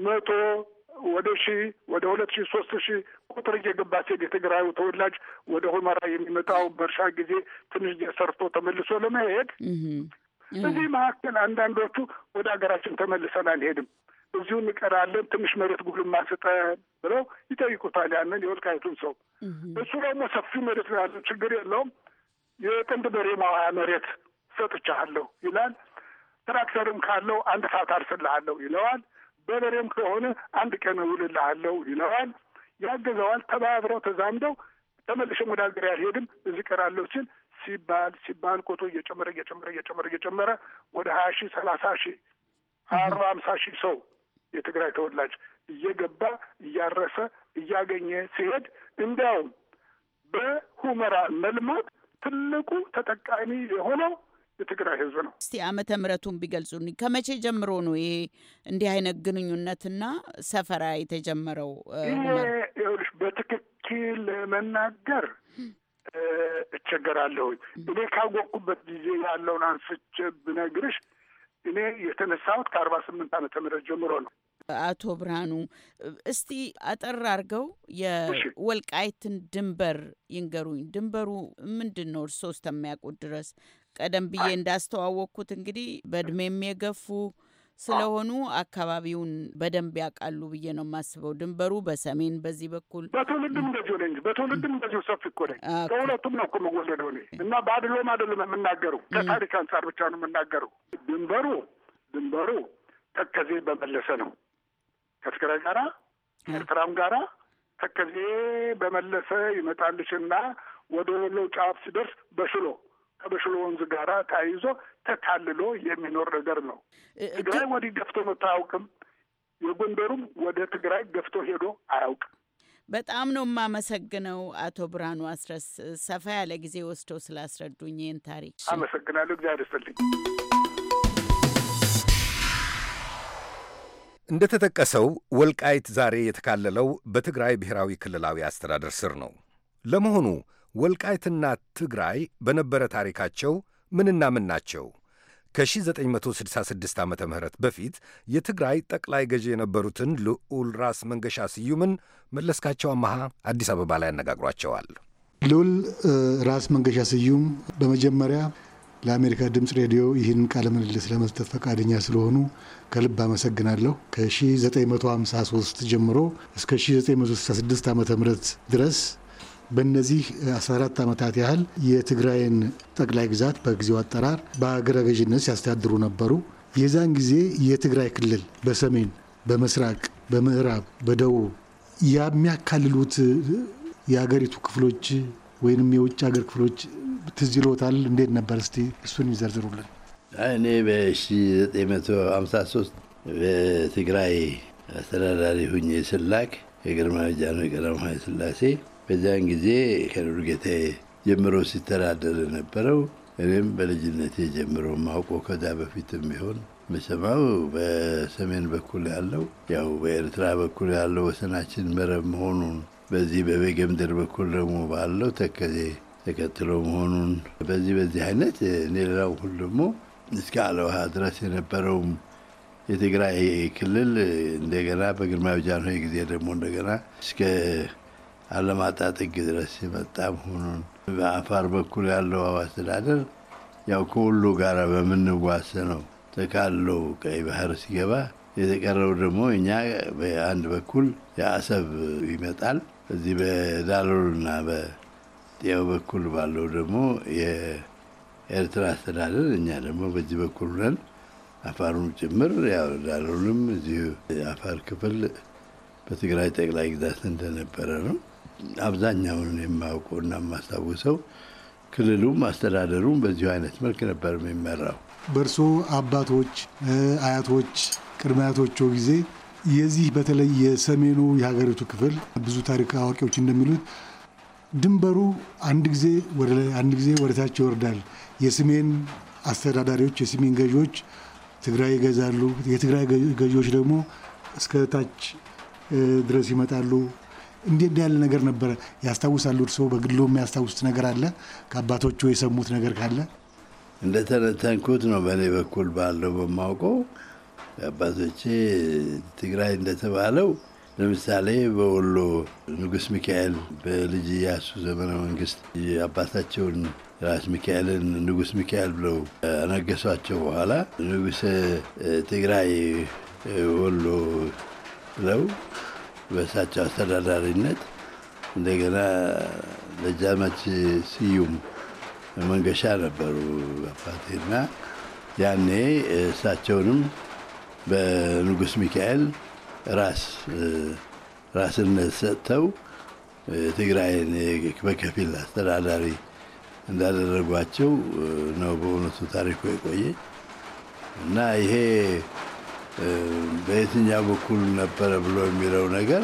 መቶ ወደ ሺ ወደ ሁለት ሺ ሶስት ሺ ቁጥር እየገባ ሲሄድ የትግራዩ ተወላጅ ወደ ሁመራ የሚመጣው በእርሻ ጊዜ ትንሽ ሰርቶ ተመልሶ ለመሄድ እዚህ መካከል አንዳንዶቹ ወደ ሀገራችን ተመልሰን አንሄድም እዚሁ እንቀራለን፣ ትንሽ መሬት ጉልማ ስጠን ብለው ይጠይቁታል። ያንን የወልቃይቱን ሰው እሱ ደግሞ ሰፊ መሬት ነው ያለው፣ ችግር የለውም የጥንድ በሬ ማዋያ መሬት ሰጥቻለሁ ይላል። ትራክተርም ካለው አንድ ሰዓት አርስልሃለሁ ይለዋል። በበሬም ከሆነ አንድ ቀን እውልልሃለሁ ይለዋል፣ ያገዘዋል። ተባብረው ተዛምደው ተመልሼም ወደ ሀገር አልሄድም እዚህ ቀራለሁ ሲል ሲባል ሲባል ቁጡ እየጨመረ እየጨመረ እየጨመረ እየጨመረ ወደ ሀያ ሺህ ሰላሳ ሺህ አርባ ሃምሳ ሺህ ሰው የትግራይ ተወላጅ እየገባ እያረሰ እያገኘ ሲሄድ እንዲያውም በሁመራ መልማት ትልቁ ተጠቃሚ የሆነው የትግራይ ህዝብ ነው። እስቲ ዓመተ ምሕረቱን ቢገልጹ። ከመቼ ጀምሮ ነው ይሄ እንዲህ አይነት ግንኙነትና ሰፈራ የተጀመረው? ይሄ በትክክል መናገር እቸገራለሁ። እኔ ካወቅኩበት ጊዜ ያለውን አንስቼ ብነግርሽ እኔ የተነሳሁት ከአርባ ስምንት ዓመተ ምህረት ጀምሮ ነው። አቶ ብርሃኑ እስቲ አጠር አድርገው የወልቃይትን ድንበር ይንገሩኝ። ድንበሩ ምንድን ነው? እርስዎ እስከሚያውቁት ድረስ ቀደም ብዬ እንዳስተዋወቅኩት እንግዲህ በእድሜም የገፉ ስለሆኑ አካባቢውን በደንብ ያውቃሉ ብዬ ነው የማስበው። ድንበሩ በሰሜን በዚህ በኩል በትውልድም እንደዚሁ ነኝ። በትውልድም እንደዚሁ ሰፊ እኮ ነኝ። ከሁለቱም ነው እኮ መወለደው እኔ እና በአድሎም አይደለም የምናገረው፣ ከታሪክ አንጻር ብቻ ነው የምናገረው። ድንበሩ ድንበሩ ተከዜ በመለሰ ነው ከትግራይ ጋራ ኤርትራም ጋራ ተከዜ በመለሰ ይመጣልሽና ወደ ወሎ ጫፍ ሲደርስ በሽሎ ከበሽሎ ወንዝ ጋር ተያይዞ ተካልሎ የሚኖር ነገር ነው። ትግራይ ወዲህ ገፍቶ መጥቶ አያውቅም። የጎንደሩም ወደ ትግራይ ገፍቶ ሄዶ አያውቅም። በጣም ነው የማመሰግነው አቶ ብርሃኑ አስረስ ሰፋ ያለ ጊዜ ወስደው ስላስረዱኝ ይህን ታሪክ አመሰግናለሁ። እግዚአብሔር ይስጥልኝ። እንደተጠቀሰው ወልቃይት ዛሬ የተካለለው በትግራይ ብሔራዊ ክልላዊ አስተዳደር ስር ነው። ለመሆኑ ወልቃይትና ትግራይ በነበረ ታሪካቸው ምንና ምን ናቸው? ከ1966 ዓ ም በፊት የትግራይ ጠቅላይ ገዢ የነበሩትን ልዑል ራስ መንገሻ ስዩምን መለስካቸው አመሃ አዲስ አበባ ላይ አነጋግሯቸዋል። ልዑል ራስ መንገሻ ስዩም በመጀመሪያ ለአሜሪካ ድምፅ ሬዲዮ ይህን ቃለ ምልልስ ለመስጠት ፈቃደኛ ስለሆኑ ከልብ አመሰግናለሁ። ከ1953 ጀምሮ እስከ 1966 ዓ ም ድረስ በእነዚህ 14 ዓመታት ያህል የትግራይን ጠቅላይ ግዛት በጊዜው አጠራር በአገረ ገዥነት ሲያስተዳድሩ ነበሩ። የዛን ጊዜ የትግራይ ክልል በሰሜን፣ በምስራቅ፣ በምዕራብ፣ በደቡብ የሚያካልሉት የአገሪቱ ክፍሎች ወይንም የውጭ ሀገር ክፍሎች ትዝ ይሎታል? እንዴት ነበር? እስቲ እሱን ይዘርዝሩልን። እኔ በ1953 በትግራይ አስተዳዳሪ ሁኜ ስላክ የግርማዊ ጃንሆይ ቀዳማዊ ኃይለ ሥላሴ በዚያን ጊዜ ከዱርጌታ ጀምሮ ሲተዳደር የነበረው እኔም በልጅነት ጀምሮ ማውቆ ከዛ በፊትም ቢሆን መሰማው በሰሜን በኩል ያለው ያው በኤርትራ በኩል ያለው ወሰናችን መረብ መሆኑን በዚህ በቤገምድር በኩል ደግሞ ባለው ተከዜ ተከትሎ መሆኑን በዚህ በዚህ አይነት ሌላው ሁሉ ደግሞ እስከ አለውሃ ድረስ የነበረውም የትግራይ ክልል እንደገና በግርማዊ ጃንሆይ ጊዜ ደግሞ እንደገና እስከ አለማጣጠቅ ድረስ የመጣ መሆኑን በአፋር በኩል ያለው አስተዳደር ያው ከሁሉ ጋር በምንዋሰ ነው ተካሎ ቀይ ባህር ሲገባ የተቀረው ደግሞ እኛ በአንድ በኩል የአሰብ ይመጣል። እዚህ በዳሎልና በጤው በኩል ባለው ደግሞ የኤርትራ አስተዳደር፣ እኛ ደግሞ በዚህ በኩል ነን። አፋሩም ጭምር ያው ዳሎልም እዚሁ የአፋር ክፍል በትግራይ ጠቅላይ ግዛት እንደነበረ ነው። አብዛኛውን የማውቀውና የማስታውሰው ክልሉም አስተዳደሩም በዚሁ አይነት መልክ ነበር የሚመራው። በእርሶ አባቶች፣ አያቶች፣ ቅድመ አያቶቹ ጊዜ የዚህ በተለይ የሰሜኑ የሀገሪቱ ክፍል ብዙ ታሪክ አዋቂዎች እንደሚሉት ድንበሩ አንድ ጊዜ ወደ ላይ አንድ ጊዜ ወደ ታች ይወርዳል። የሰሜን አስተዳዳሪዎች፣ የስሜን ገዢዎች ትግራይ ይገዛሉ፣ የትግራይ ገዢዎች ደግሞ እስከ ታች ድረስ ይመጣሉ እንዴት ያለ ነገር ነበረ ያስታውሳሉ? እርስዎ በግሎ የሚያስታውሱት ነገር አለ? ከአባቶቹ የሰሙት ነገር ካለ? እንደተነተንኩት ነው በእኔ በኩል ባለው በማውቀው አባቶቼ ትግራይ እንደተባለው ለምሳሌ በወሎ ንጉስ ሚካኤል በልጅ ያሱ ዘመነ መንግስት አባታቸውን ራስ ሚካኤልን ንጉስ ሚካኤል ብለው አነገሷቸው። በኋላ ንጉሥ ትግራይ ወሎ ብለው በእሳቸው አስተዳዳሪነት እንደገና ለጃመች ስዩም መንገሻ ነበሩ አባቴና ያኔ እሳቸውንም በንጉስ ሚካኤል ራስ ራስነት ሰጥተው ትግራይን በከፊል አስተዳዳሪ እንዳደረጓቸው ነው በእውነቱ ታሪኩ የቆየ እና ይሄ በየትኛው በኩል ነበረ ብሎ የሚለው ነገር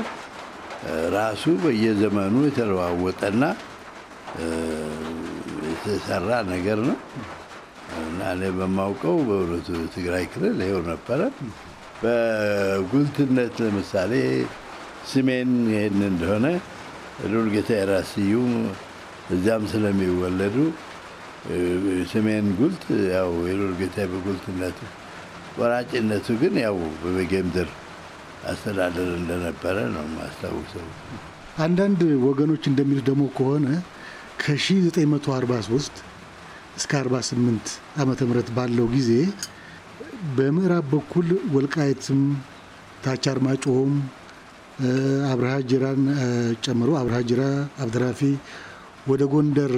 ራሱ በየዘመኑ የተለዋወጠና የተሰራ ነገር ነው እና እኔ በማውቀው በእውነቱ ትግራይ ክልል ይኸው ነበረ። በጉልትነት ለምሳሌ ስሜን ይህን እንደሆነ ሉልጌታ የራስ ስዩም እዚያም ስለሚወለዱ ስሜን ጉልት ያው የሉልጌታ በጉልትነቱ ወራጭነቱ ግን ያው በበጌምድር አስተዳደር እንደነበረ ነው ማስታውሰው። አንዳንድ ወገኖች እንደሚሉት ደግሞ ከሆነ ከ1943 እስከ 48 ዓመተ ምህረት ባለው ጊዜ በምዕራብ በኩል ወልቃየትም ታች አርማጭሆም አብርሃ ጅራን ጨምሮ አብርሃ ጅራ፣ አብደራፊ ወደ ጎንደር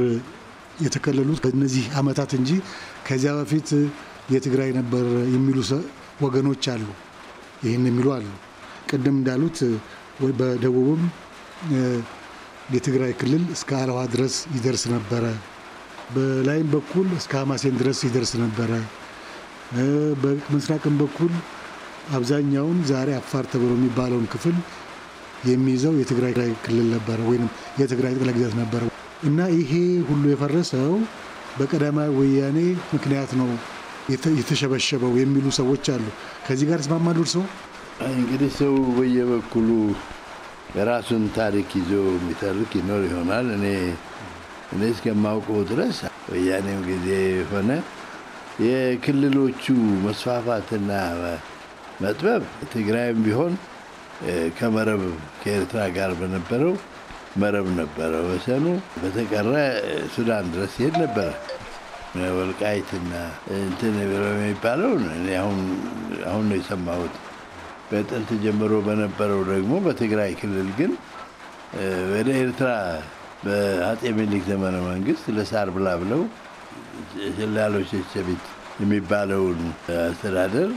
የተከለሉት በእነዚህ ዓመታት እንጂ ከዚያ በፊት የትግራይ ነበር የሚሉ ወገኖች አሉ። ይህን የሚሉ አሉ። ቅድም እንዳሉት በደቡብም የትግራይ ክልል እስከ አለዋ ድረስ ይደርስ ነበረ፣ በላይም በኩል እስከ ሀማሴን ድረስ ይደርስ ነበረ። በምስራቅም በኩል አብዛኛውን ዛሬ አፋር ተብሎ የሚባለውን ክፍል የሚይዘው የትግራይ ክልል ነበረ ወይም የትግራይ ጠቅላይ ግዛት ነበረ እና ይሄ ሁሉ የፈረሰው በቀዳማዊ ወያኔ ምክንያት ነው የተሸበሸበው የሚሉ ሰዎች አሉ። ከዚህ ጋር እስማማሉ እርስዎ? እንግዲህ ሰው በየበኩሉ የራሱን ታሪክ ይዞ የሚተርክ ይኖር ይሆናል። እኔ እኔ እስከማውቀው ድረስ ወያኔም ጊዜ ሆነ የክልሎቹ መስፋፋትና መጥበብ ትግራይም ቢሆን ከመረብ ከኤርትራ ጋር በነበረው መረብ ነበረ ወሰኑ። በተቀረ ሱዳን ድረስ ይሄድ ነበረ። ወልቃይትና እንትን የሚባለው አሁን አሁን ነው የሰማሁት። በጥንት ጀምሮ በነበረው ደግሞ በትግራይ ክልል ግን ወደ ኤርትራ በአጼ ምኒልክ ዘመነ መንግስት ለሳር ብላ ብለው ሸላሎች ሸቤት የሚባለውን አስተዳደር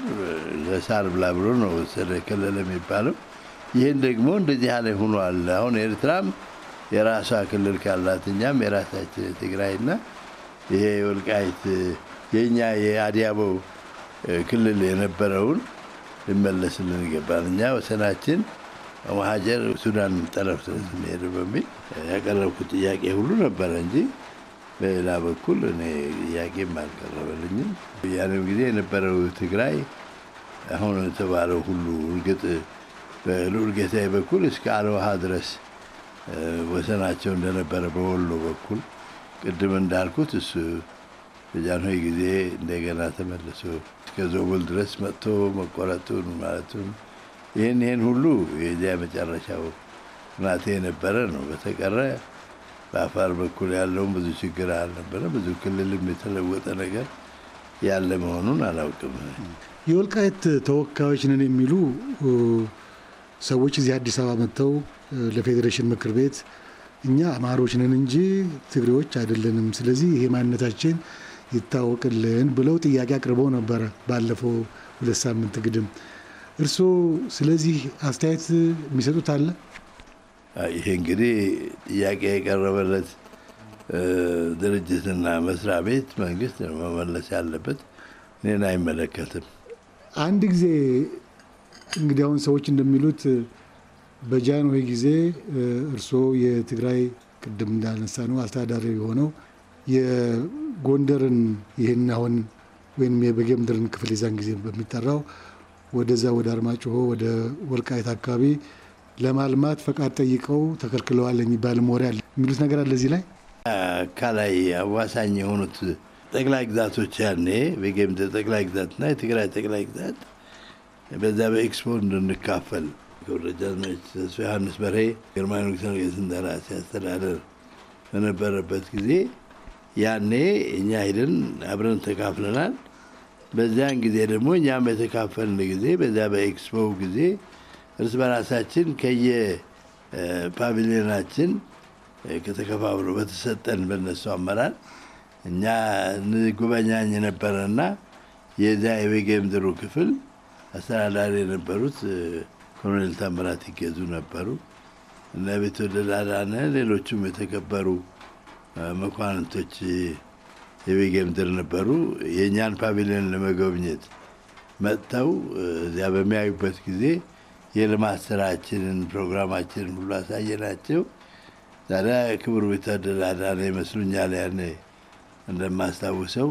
ለሳር ብላ ብሎ ነው ወሰደ ክልል የሚባለው። ይህን ደግሞ እንደዚህ ያለ ሆኗል። አሁን ኤርትራም የራሷ ክልል ካላት እኛም የራሳችን ትግራይና ይሄ ወልቃይት የእኛ የአዲያቦ ክልል የነበረውን ሊመለስልን ይገባል። እኛ ወሰናችን መሀጀር ሱዳን ጠረፍ ስንሄድ በሚል ያቀረብኩት ጥያቄ ሁሉ ነበረ እንጂ በሌላ በኩል እኔ ጥያቄም አልቀረበልኝም። ያንም ጊዜ የነበረው ትግራይ አሁን የተባለው ሁሉ እርግጥ በልዑል ጌታዬ በኩል እስከ አልዋሃ ድረስ ወሰናቸው እንደነበረ በወሎ በኩል ቅድም እንዳልኩት እሱ በጃንሆይ ጊዜ እንደገና ተመልሶ እስከ ዞጉል ድረስ መጥቶ መቆረጡን ማለቱን ይህን ይህን ሁሉ የዚያ መጨረሻው ናቴ የነበረ ነው። በተቀረ በአፋር በኩል ያለውን ብዙ ችግር አልነበረ። ብዙ ክልልም የተለወጠ ነገር ያለ መሆኑን አላውቅም። የወልቃየት ተወካዮች ነን የሚሉ ሰዎች እዚህ አዲስ አበባ መጥተው ለፌዴሬሽን ምክር ቤት እኛ አማሮች ነን እንጂ ትግሬዎች አይደለንም፣ ስለዚህ ይሄ ማንነታችን ይታወቅልን ብለው ጥያቄ አቅርበው ነበረ ባለፈው ሁለት ሳምንት ግድም። እርስዎ ስለዚህ አስተያየት የሚሰጡት አለ? ይሄ እንግዲህ ጥያቄ የቀረበለት ድርጅትና መስሪያ ቤት መንግስት መመለስ ያለበት እኔን አይመለከትም። አንድ ጊዜ እንግዲህ አሁን ሰዎች እንደሚሉት በጃንሆይ ጊዜ እርስዎ የትግራይ ቅድም እንዳነሳ ነው አስተዳዳሪ የሆነው የጎንደርን ይህን አሁን ወይም የበጌምድርን ክፍል የዛን ጊዜ በሚጠራው ወደዛ ወደ አርማጭሆ ወደ ወልቃይት አካባቢ ለማልማት ፈቃድ ጠይቀው ተከልክለዋል የሚባል ሞሪያ አለ። የሚሉት ነገር አለ። እዚህ ላይ ከላይ አዋሳኝ የሆኑት ጠቅላይ ግዛቶች ያኔ በጌምድር ጠቅላይ ግዛትና የትግራይ ጠቅላይ ግዛት በዛ በኤክስፖ እንድንካፈል ተወረጃዝማች ተስፋ ዮሐንስ በርሄ ግርማዊ ንጉሠ ነገሥትን ደራሲ አስተዳደር በነበረበት ጊዜ ያኔ እኛ ሄደን አብረን ተካፍለናል። በዚያን ጊዜ ደግሞ እኛም በተካፈልን ጊዜ በዚያ በኤክስፖ ጊዜ እርስ በራሳችን ከየ ፓቪሊዮናችን ከተከፋፍሎ በተሰጠን በነሱ አመራር እኛ ንጉበኛኝ የነበረና የዚያ የበጌምድሩ ክፍል አስተዳዳሪ የነበሩት ኮሎኔል ታምራት ይገዙ ነበሩ እና ቤት ወደላላነ ሌሎቹም የተከበሩ መኳንንቶች የቤጌ ምድር ነበሩ። የእኛን ፓቪሊዮን ለመጎብኘት መጥተው እዚያ በሚያዩበት ጊዜ የልማት ስራችንን ፕሮግራማችንን ሁሉ አሳየናቸው። ታዲያ ክቡር ቤተወደድ አዳነ ይመስሉኛል ያኔ እንደማስታውሰው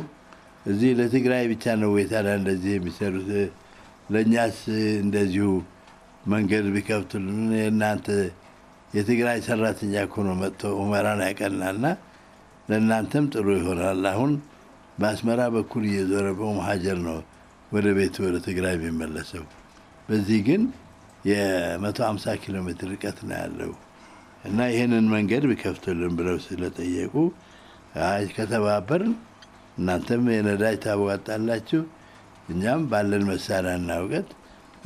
እዚህ ለትግራይ ብቻ ነው ወይ ታዲያ እንደዚህ የሚሰሩት ለእኛስ እንደዚሁ መንገድ ቢከፍቱልን የእናንተ የትግራይ ሰራተኛ እኮ ነው መጥቶ ሁመራን ያቀናና ለእናንተም ጥሩ ይሆናል። አሁን በአስመራ በኩል እየዞረ በመሀጀር ነው ወደ ቤቱ ወደ ትግራይ የሚመለሰው። በዚህ ግን የ150 ኪሎ ሜትር ርቀት ነው ያለው እና ይህንን መንገድ ቢከፍቱልን ብለው ስለጠየቁ አይ ከተባበርን እናንተም የነዳጅ ታዋጣላችሁ፣ እኛም ባለን መሳሪያና እውቀት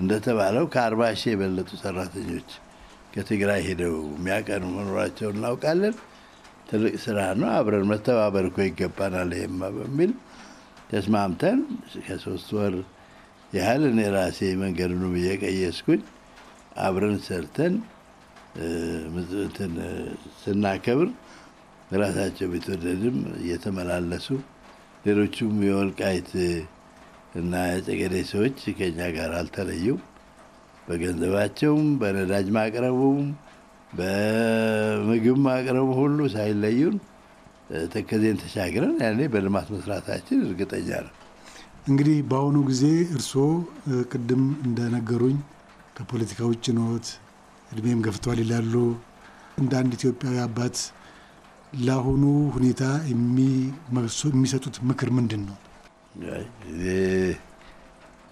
እንደተባለው ከአርባ ሺህ የበለጡ ሰራተኞች ከትግራይ ሄደው የሚያቀኑ መኖራቸውን እናውቃለን። ትልቅ ስራ ነው። አብረን መተባበር እኮ ይገባናል ይሄማ በሚል ተስማምተን ከሶስት ወር ያህል እኔ ራሴ መንገዱንም እየቀየስኩኝ አብረን ሰርተን ስናከብር ራሳቸው ቤተወደድም እየተመላለሱ ሌሎቹም የወልቃይት እና የጸገዴ ሰዎች ከኛ ጋር አልተለዩም። በገንዘባቸውም በነዳጅ ማቅረቡም በምግብ ማቅረቡ ሁሉ ሳይለዩን ተከዜን ተሻግረን ያኔ በልማት መስራታችን እርግጠኛ ነው። እንግዲህ በአሁኑ ጊዜ እርስዎ ቅድም እንደነገሩኝ ከፖለቲካ ውጭ ኖት፣ እድሜም ገፍቷል ይላሉ። እንደ አንድ ኢትዮጵያዊ አባት ለአሁኑ ሁኔታ የሚሰጡት ምክር ምንድን ነው?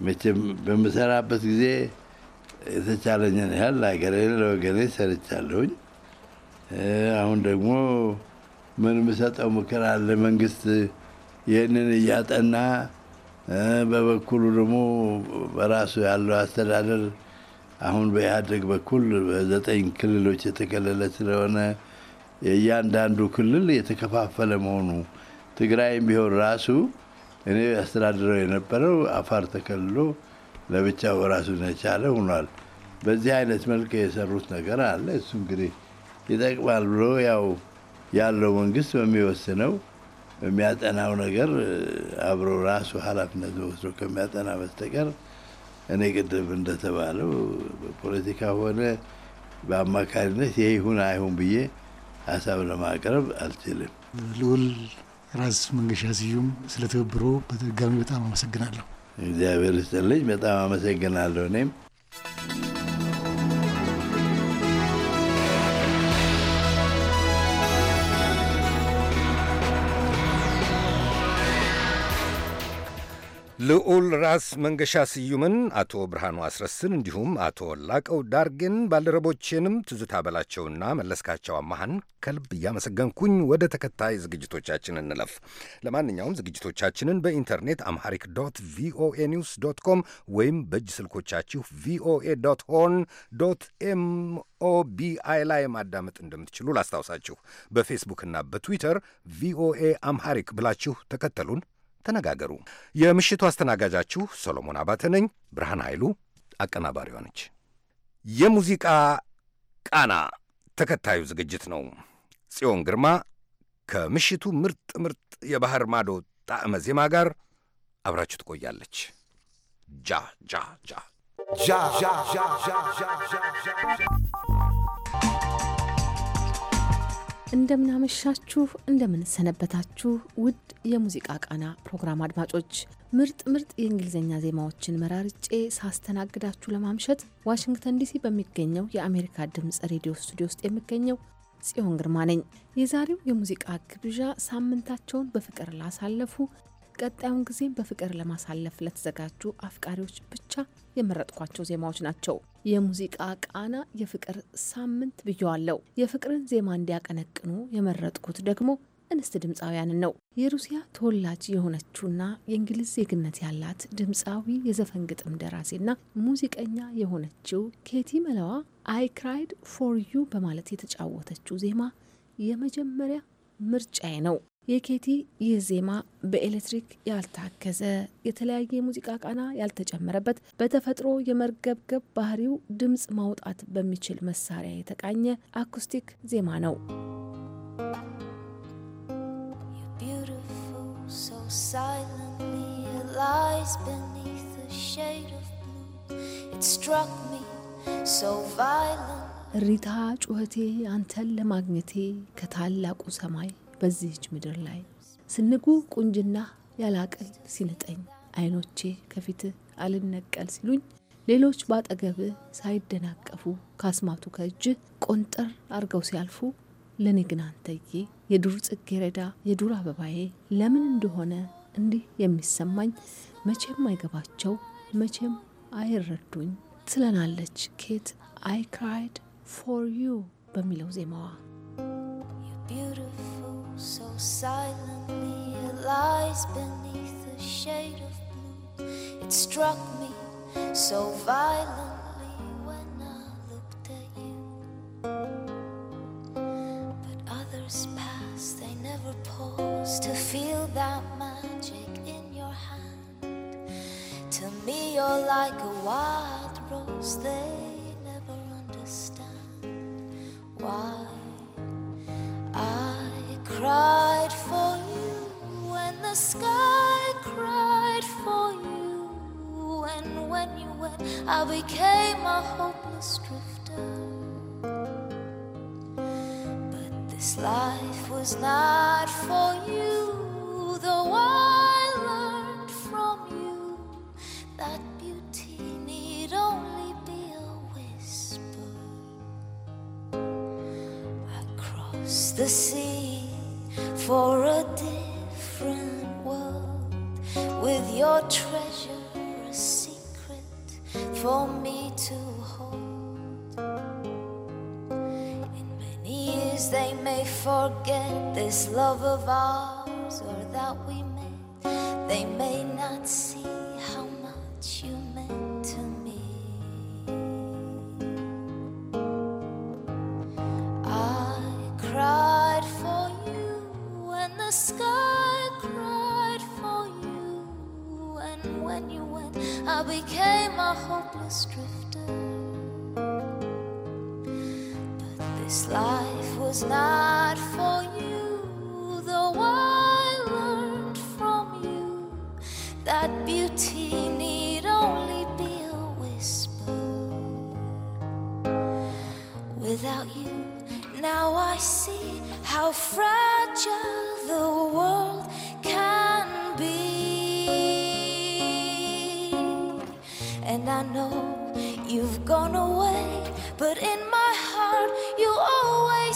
መቼም በምሰራበት ጊዜ የተቻለኝን ያህል ለሀገሬን ለወገኔ ሰርቻለሁኝ። አሁን ደግሞ ምን ምሰጠው ምክር አለ? መንግስት ይህንን እያጠና በበኩሉ ደግሞ በራሱ ያለው አስተዳደር አሁን በኢህአደግ በኩል በዘጠኝ ክልሎች የተከለለ ስለሆነ የእያንዳንዱ ክልል የተከፋፈለ መሆኑ ትግራይም ቢሆን ራሱ እኔ ያስተዳድረው የነበረው አፋር ተከልሎ ለብቻው ራሱን የቻለ ሆኗል። በዚህ አይነት መልክ የሰሩት ነገር አለ። እሱ እንግዲህ ይጠቅማል ብሎ ያው ያለው መንግስት በሚወስነው የሚያጠናው ነገር አብሮ ራሱ ኃላፊነት ወስዶ ከሚያጠና በስተቀር እኔ ቅድም እንደተባለው በፖለቲካ ሆነ በአማካሪነት ይህ ይሁን አይሁን ብዬ ሀሳብ ለማቅረብ አልችልም። ልውል ራስ መንገሻ ስዩም ስለ ትብብሮ በድጋሚ በጣም አመሰግናለሁ። እግዚአብሔር ይስጥልኝ። በጣም አመሰግናለሁ እኔም ልዑል ራስ መንገሻ ስዩምን፣ አቶ ብርሃኑ አስረስን እንዲሁም አቶ ላቀው ዳርጌን ባልደረቦቼንም ትዝታ በላቸውና መለስካቸው አማሃን ከልብ እያመሰገንኩኝ ወደ ተከታይ ዝግጅቶቻችን እንለፍ። ለማንኛውም ዝግጅቶቻችንን በኢንተርኔት አምሃሪክ ዶት ቪኦኤ ኒውስ ዶት ኮም ወይም በእጅ ስልኮቻችሁ ቪኦኤ ዶት ሆን ዶት ኤምኦቢአይ ላይ ማዳመጥ እንደምትችሉ ላስታውሳችሁ። በፌስቡክና በትዊተር ቪኦኤ አምሃሪክ ብላችሁ ተከተሉን ተነጋገሩ። የምሽቱ አስተናጋጃችሁ ሰሎሞን አባተ ነኝ። ብርሃን ኃይሉ አቀናባሪ ሆነች። የሙዚቃ ቃና ተከታዩ ዝግጅት ነው። ጽዮን ግርማ ከምሽቱ ምርጥ ምርጥ የባህር ማዶ ጣዕመ ዜማ ጋር አብራችሁ ትቆያለች። ጃ ጃ ጃ ጃ ጃ ጃ ጃ ጃ እንደምናመሻችሁ እንደምንሰነበታችሁ ውድ የሙዚቃ ቃና ፕሮግራም አድማጮች ምርጥ ምርጥ የእንግሊዝኛ ዜማዎችን መራርጬ ሳስተናግዳችሁ ለማምሸት ዋሽንግተን ዲሲ በሚገኘው የአሜሪካ ድምፅ ሬዲዮ ስቱዲዮ ውስጥ የሚገኘው ጽዮን ግርማ ነኝ። የዛሬው የሙዚቃ ግብዣ ሳምንታቸውን በፍቅር ላሳለፉ ቀጣዩን ጊዜ በፍቅር ለማሳለፍ ለተዘጋጁ አፍቃሪዎች ብቻ የመረጥኳቸው ዜማዎች ናቸው። የሙዚቃ ቃና የፍቅር ሳምንት ብየዋለው። የፍቅርን ዜማ እንዲያቀነቅኑ የመረጥኩት ደግሞ እንስት ድምፃውያንን ነው። የሩሲያ ተወላጅ የሆነችውና የእንግሊዝ ዜግነት ያላት ድምፃዊ የዘፈን ግጥም ደራሲና ሙዚቀኛ የሆነችው ኬቲ መለዋ አይ ክራይድ ፎር ዩ በማለት የተጫወተችው ዜማ የመጀመሪያ ምርጫዬ ነው። የኬቲ ይህ ዜማ በኤሌክትሪክ ያልታከዘ የተለያየ የሙዚቃ ቃና ያልተጨመረበት በተፈጥሮ የመርገብገብ ባህሪው ድምፅ ማውጣት በሚችል መሳሪያ የተቃኘ አኩስቲክ ዜማ ነው። ሪታ ጩኸቴ አንተን ለማግኘቴ ከታላቁ ሰማይ በዚህች ምድር ላይ ስንጉ ቁንጅና ያላቀል ሲንጠኝ አይኖቼ ከፊት አልነቀል ሲሉኝ ሌሎች ባጠገብህ ሳይደናቀፉ ካስማቱ ከእጅ ቆንጠር አርገው ሲያልፉ ለእኔ ግን አንተዬ የዱር ጽጌረዳ የዱር አበባዬ ለምን እንደሆነ እንዲህ የሚሰማኝ መቼም አይገባቸው መቼም አይረዱኝ ትለናለች ኬት አይ ክራይድ ፎር ዩ በሚለው ዜማዋ silently it lies beneath a shade of blue. It struck me so violently when I looked at you. But others pass, they never pause to feel that magic in your hand. To me, you're like a wild rose, they never understand why. I became a hopeless drifter. But this life was not for you, though I learned from you that beauty need only be a whisper. I crossed the sea for a different world with your for me to hold. In many years, they may forget this love of ours or that we and I know you've gone away, but in my heart you always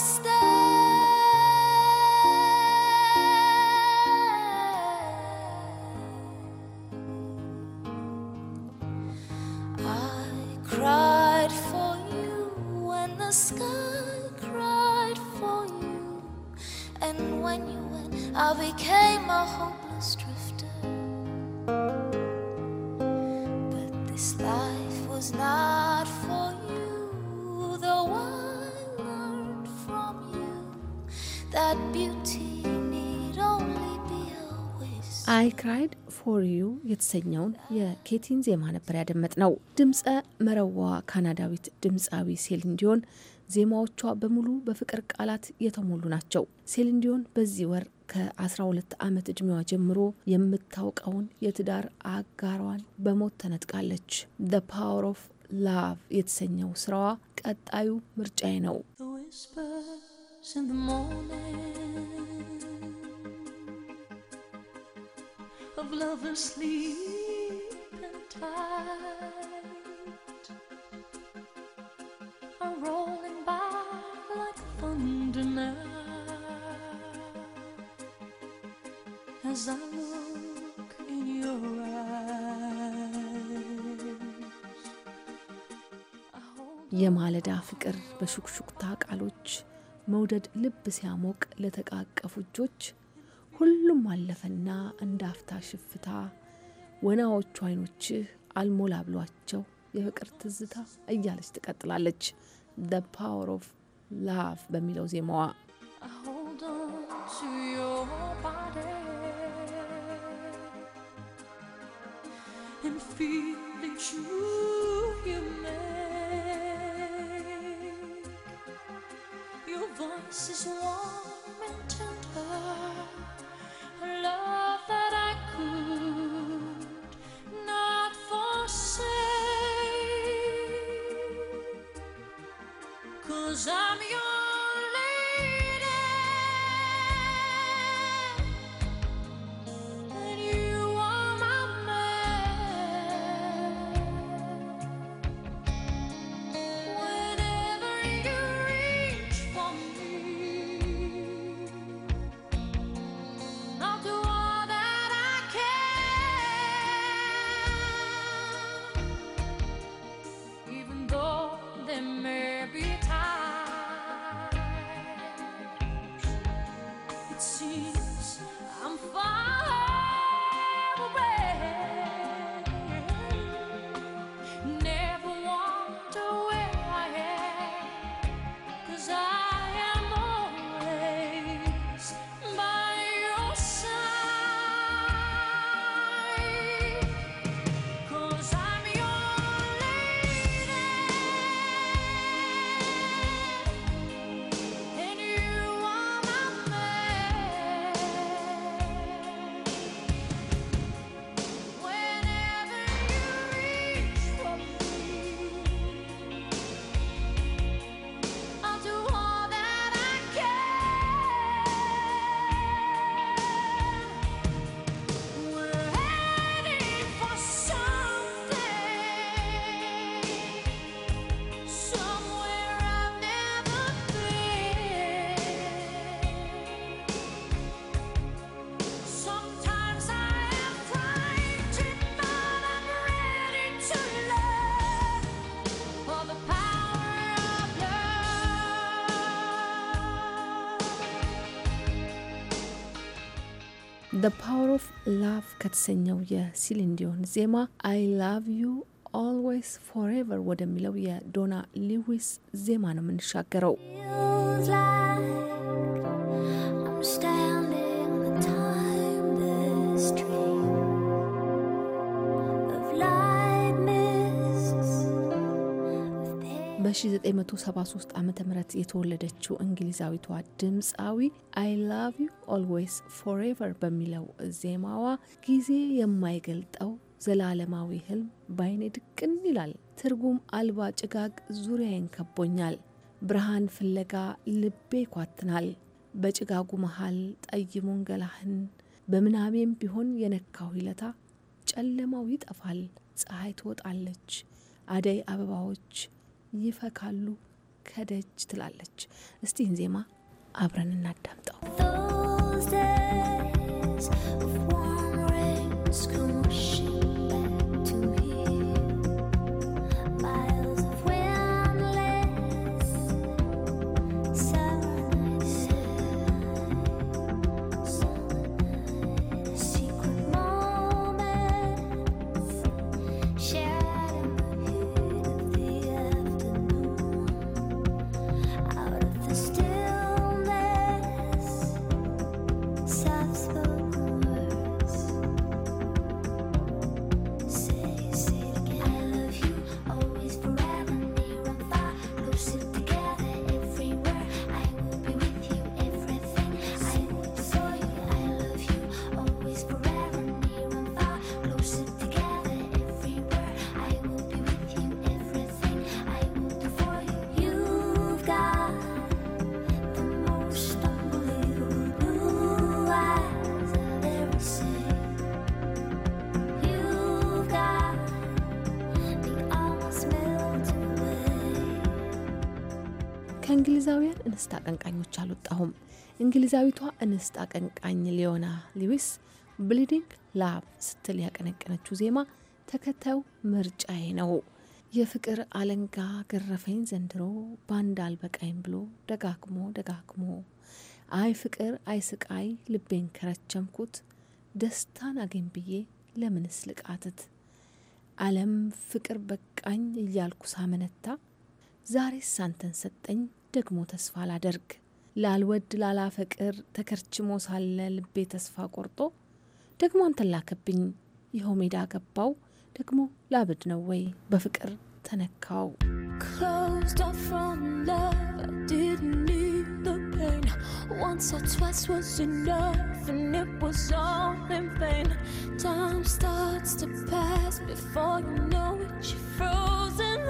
ክራይድ ፎር ዩ የተሰኘውን የኬቲን ዜማ ነበር ያደመጥ ነው። ድምፀ መረዋ ካናዳዊት ድምፃዊ ሴሊን ዜማዎቿ በሙሉ በፍቅር ቃላት የተሞሉ ናቸው። ሴሊን በዚህ ወር ከ12 ዓመት ዕድሜዋ ጀምሮ የምታውቀውን የትዳር አጋሯን በሞት ተነጥቃለች። ዘ ፓወር ኦፍ ላቭ የተሰኘው ስራዋ ቀጣዩ ምርጫዬ ነው። of love asleep and tight are rolling by like thunder now as I look in your eyes. የማለዳ ፍቅር በሹክሹክታ ቃሎች መውደድ ልብ ሲያሞቅ ለተቃቀፉ እጆች ሁሉም አለፈና እንደ አፍታ ሽፍታ ወናዎቹ አይኖችህ አልሞላ ብሏቸው የፍቅር ትዝታ እያለች ትቀጥላለች። ደ ፓወር ኦፍ ላቭ በሚለው ዜማዋ Your voice is warm and ላቭ ከተሰኘው የሲሊን ዲዮን ዜማ አይ ላቭ ዩ ኦልዌይስ ኤቨር ወደሚለው የዶና ሊዊስ ዜማ ነው የምንሻገረው። 1973 ዓ ም የተወለደችው እንግሊዛዊቷ ድምፃዊ አይ ላቭ ዩ ኦልዌይስ ፎሬቨር በሚለው ዜማዋ ጊዜ የማይገልጠው ዘላለማዊ ህልም ባይኔ ድቅን ይላል፣ ትርጉም አልባ ጭጋግ ዙሪያዬን ከቦኛል፣ ብርሃን ፍለጋ ልቤ ይኳትናል፣ በጭጋጉ መሃል ጠይሙን ገላህን በምናቤም ቢሆን የነካው ሂለታ ጨለማው ይጠፋል፣ ፀሐይ ትወጣለች፣ አደይ አበባዎች ይፈካሉ ከደጅ ትላለች። እስቲ ዜማ አብረን እናዳምጠው። ከእንግሊዛውያን እንስት አቀንቃኞች አልወጣሁም። እንግሊዛዊቷ እንስት አቀንቃኝ ሊዮና ሊዊስ ብሊዲንግ ላቭ ስትል ያቀነቀነችው ዜማ ተከታዩ ምርጫዬ ነው። የፍቅር አለንጋ ገረፈኝ ዘንድሮ ባንድ አልበቃኝ ብሎ ደጋግሞ ደጋግሞ አይ ፍቅር አይ ስቃይ ልቤን ከረቸምኩት ደስታን አገኝ ብዬ ለምንስ ልቃትት አለም ፍቅር በቃኝ እያልኩ ሳመነታ ዛሬ ሳንተን ሰጠኝ ደግሞ ተስፋ ላደርግ ላልወድ ላላፈቅር ተከርችሞ ሳለ ልቤ ተስፋ ቆርጦ ደግሞ አንተን ላከብኝ ይኸው ሜዳ ገባው ደግሞ ላብድ ነው ወይ በፍቅር ተነካው Closed off from love, I didn't need the pain. Once or twice was enough, and it was all in vain. Time starts to pass before you know it, you're frozen.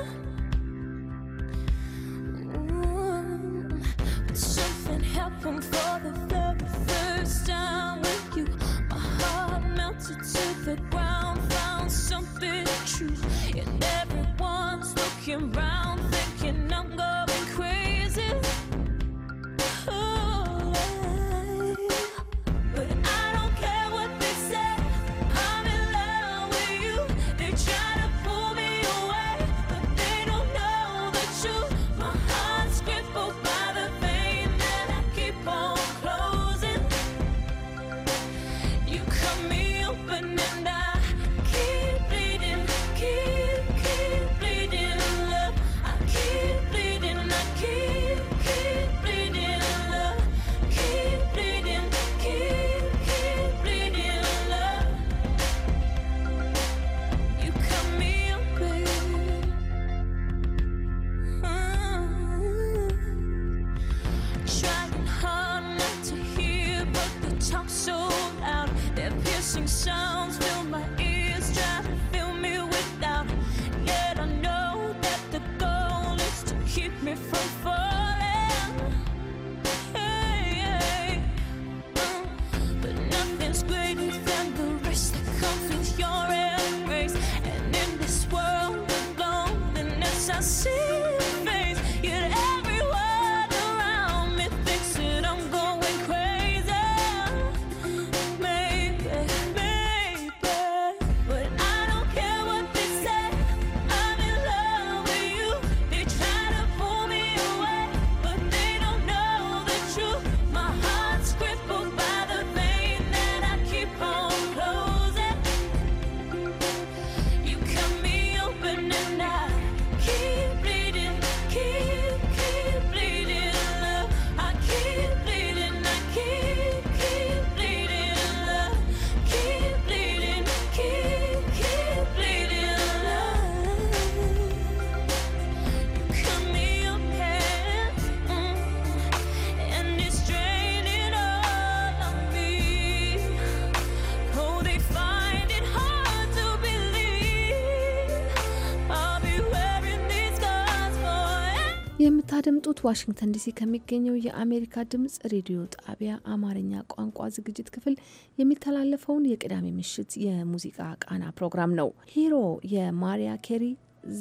የምታደምጡት ዋሽንግተን ዲሲ ከሚገኘው የአሜሪካ ድምጽ ሬዲዮ ጣቢያ አማርኛ ቋንቋ ዝግጅት ክፍል የሚተላለፈውን የቅዳሜ ምሽት የሙዚቃ ቃና ፕሮግራም ነው። ሂሮ የማሪያ ኬሪ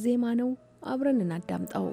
ዜማ ነው። አብረን እናዳምጠው።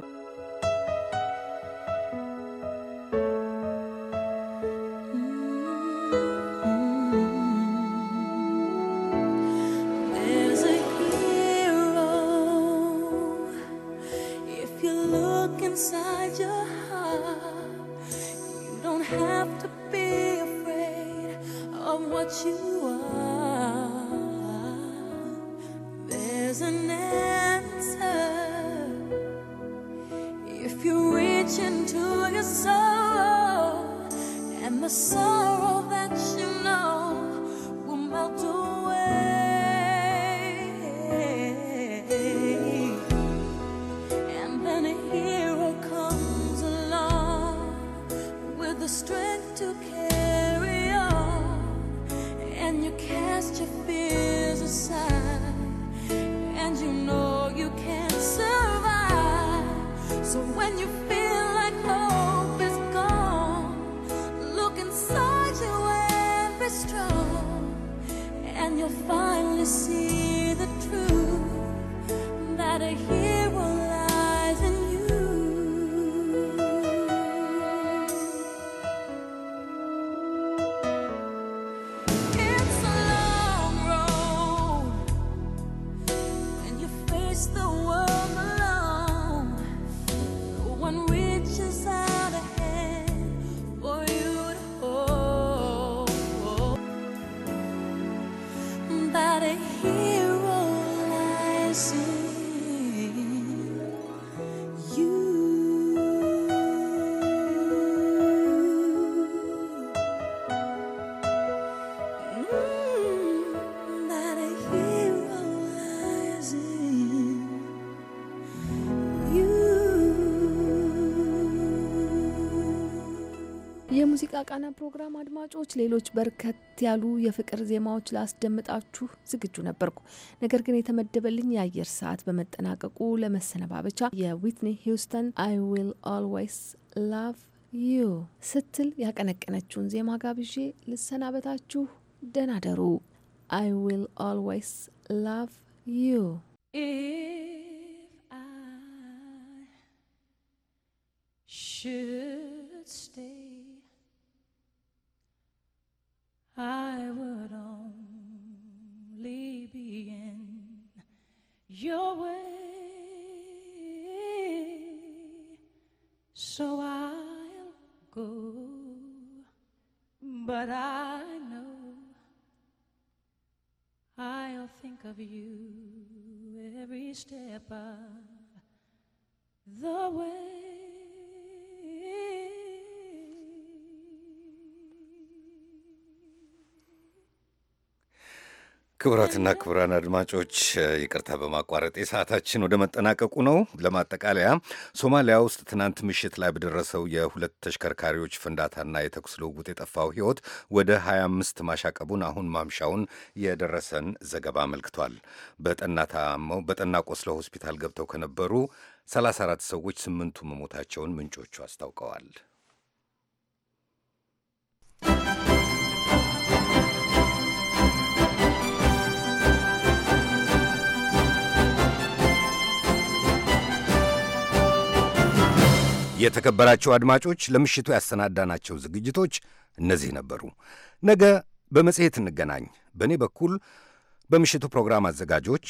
gotta hear. የሙዚቃ ቃና ፕሮግራም አድማጮች፣ ሌሎች በርከት ያሉ የፍቅር ዜማዎች ላስደምጣችሁ ዝግጁ ነበርኩ። ነገር ግን የተመደበልኝ የአየር ሰዓት በመጠናቀቁ ለመሰነባበቻ የዊትኒ ሂውስተን አይ ዊል ኦልዌይስ ላቭ ዩ ስትል ያቀነቀነችውን ዜማ ጋብዤ ልሰናበታችሁ። ደህና ደሩ። አይ ዊል ኦልዌይስ ላቭ ዩ should I would only be in your way. So I'll go, but I know I'll think of you every step of the way. ክቡራትና ክቡራን አድማጮች ይቅርታ በማቋረጥ የሰዓታችን ወደ መጠናቀቁ ነው። ለማጠቃለያ ሶማሊያ ውስጥ ትናንት ምሽት ላይ በደረሰው የሁለት ተሽከርካሪዎች ፍንዳታና የተኩስ ልውውጥ የጠፋው ሕይወት ወደ 25 ማሻቀቡን አሁን ማምሻውን የደረሰን ዘገባ አመልክቷል። በጠና ታመው በጠና ቆስለው ሆስፒታል ገብተው ከነበሩ 34 ሰዎች ስምንቱ መሞታቸውን ምንጮቹ አስታውቀዋል። የተከበራቸው አድማጮች ለምሽቱ ያሰናዳናቸው ዝግጅቶች እነዚህ ነበሩ። ነገ በመጽሔት እንገናኝ። በእኔ በኩል በምሽቱ ፕሮግራም አዘጋጆች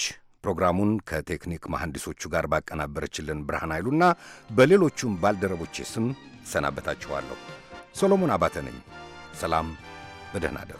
ፕሮግራሙን ከቴክኒክ መሐንዲሶቹ ጋር ባቀናበረችልን ብርሃን ኃይሉና በሌሎቹም ባልደረቦቼ ስም ሰናበታችኋለሁ። ሶሎሞን አባተ ነኝ። ሰላም፣ በደህና አደሩ።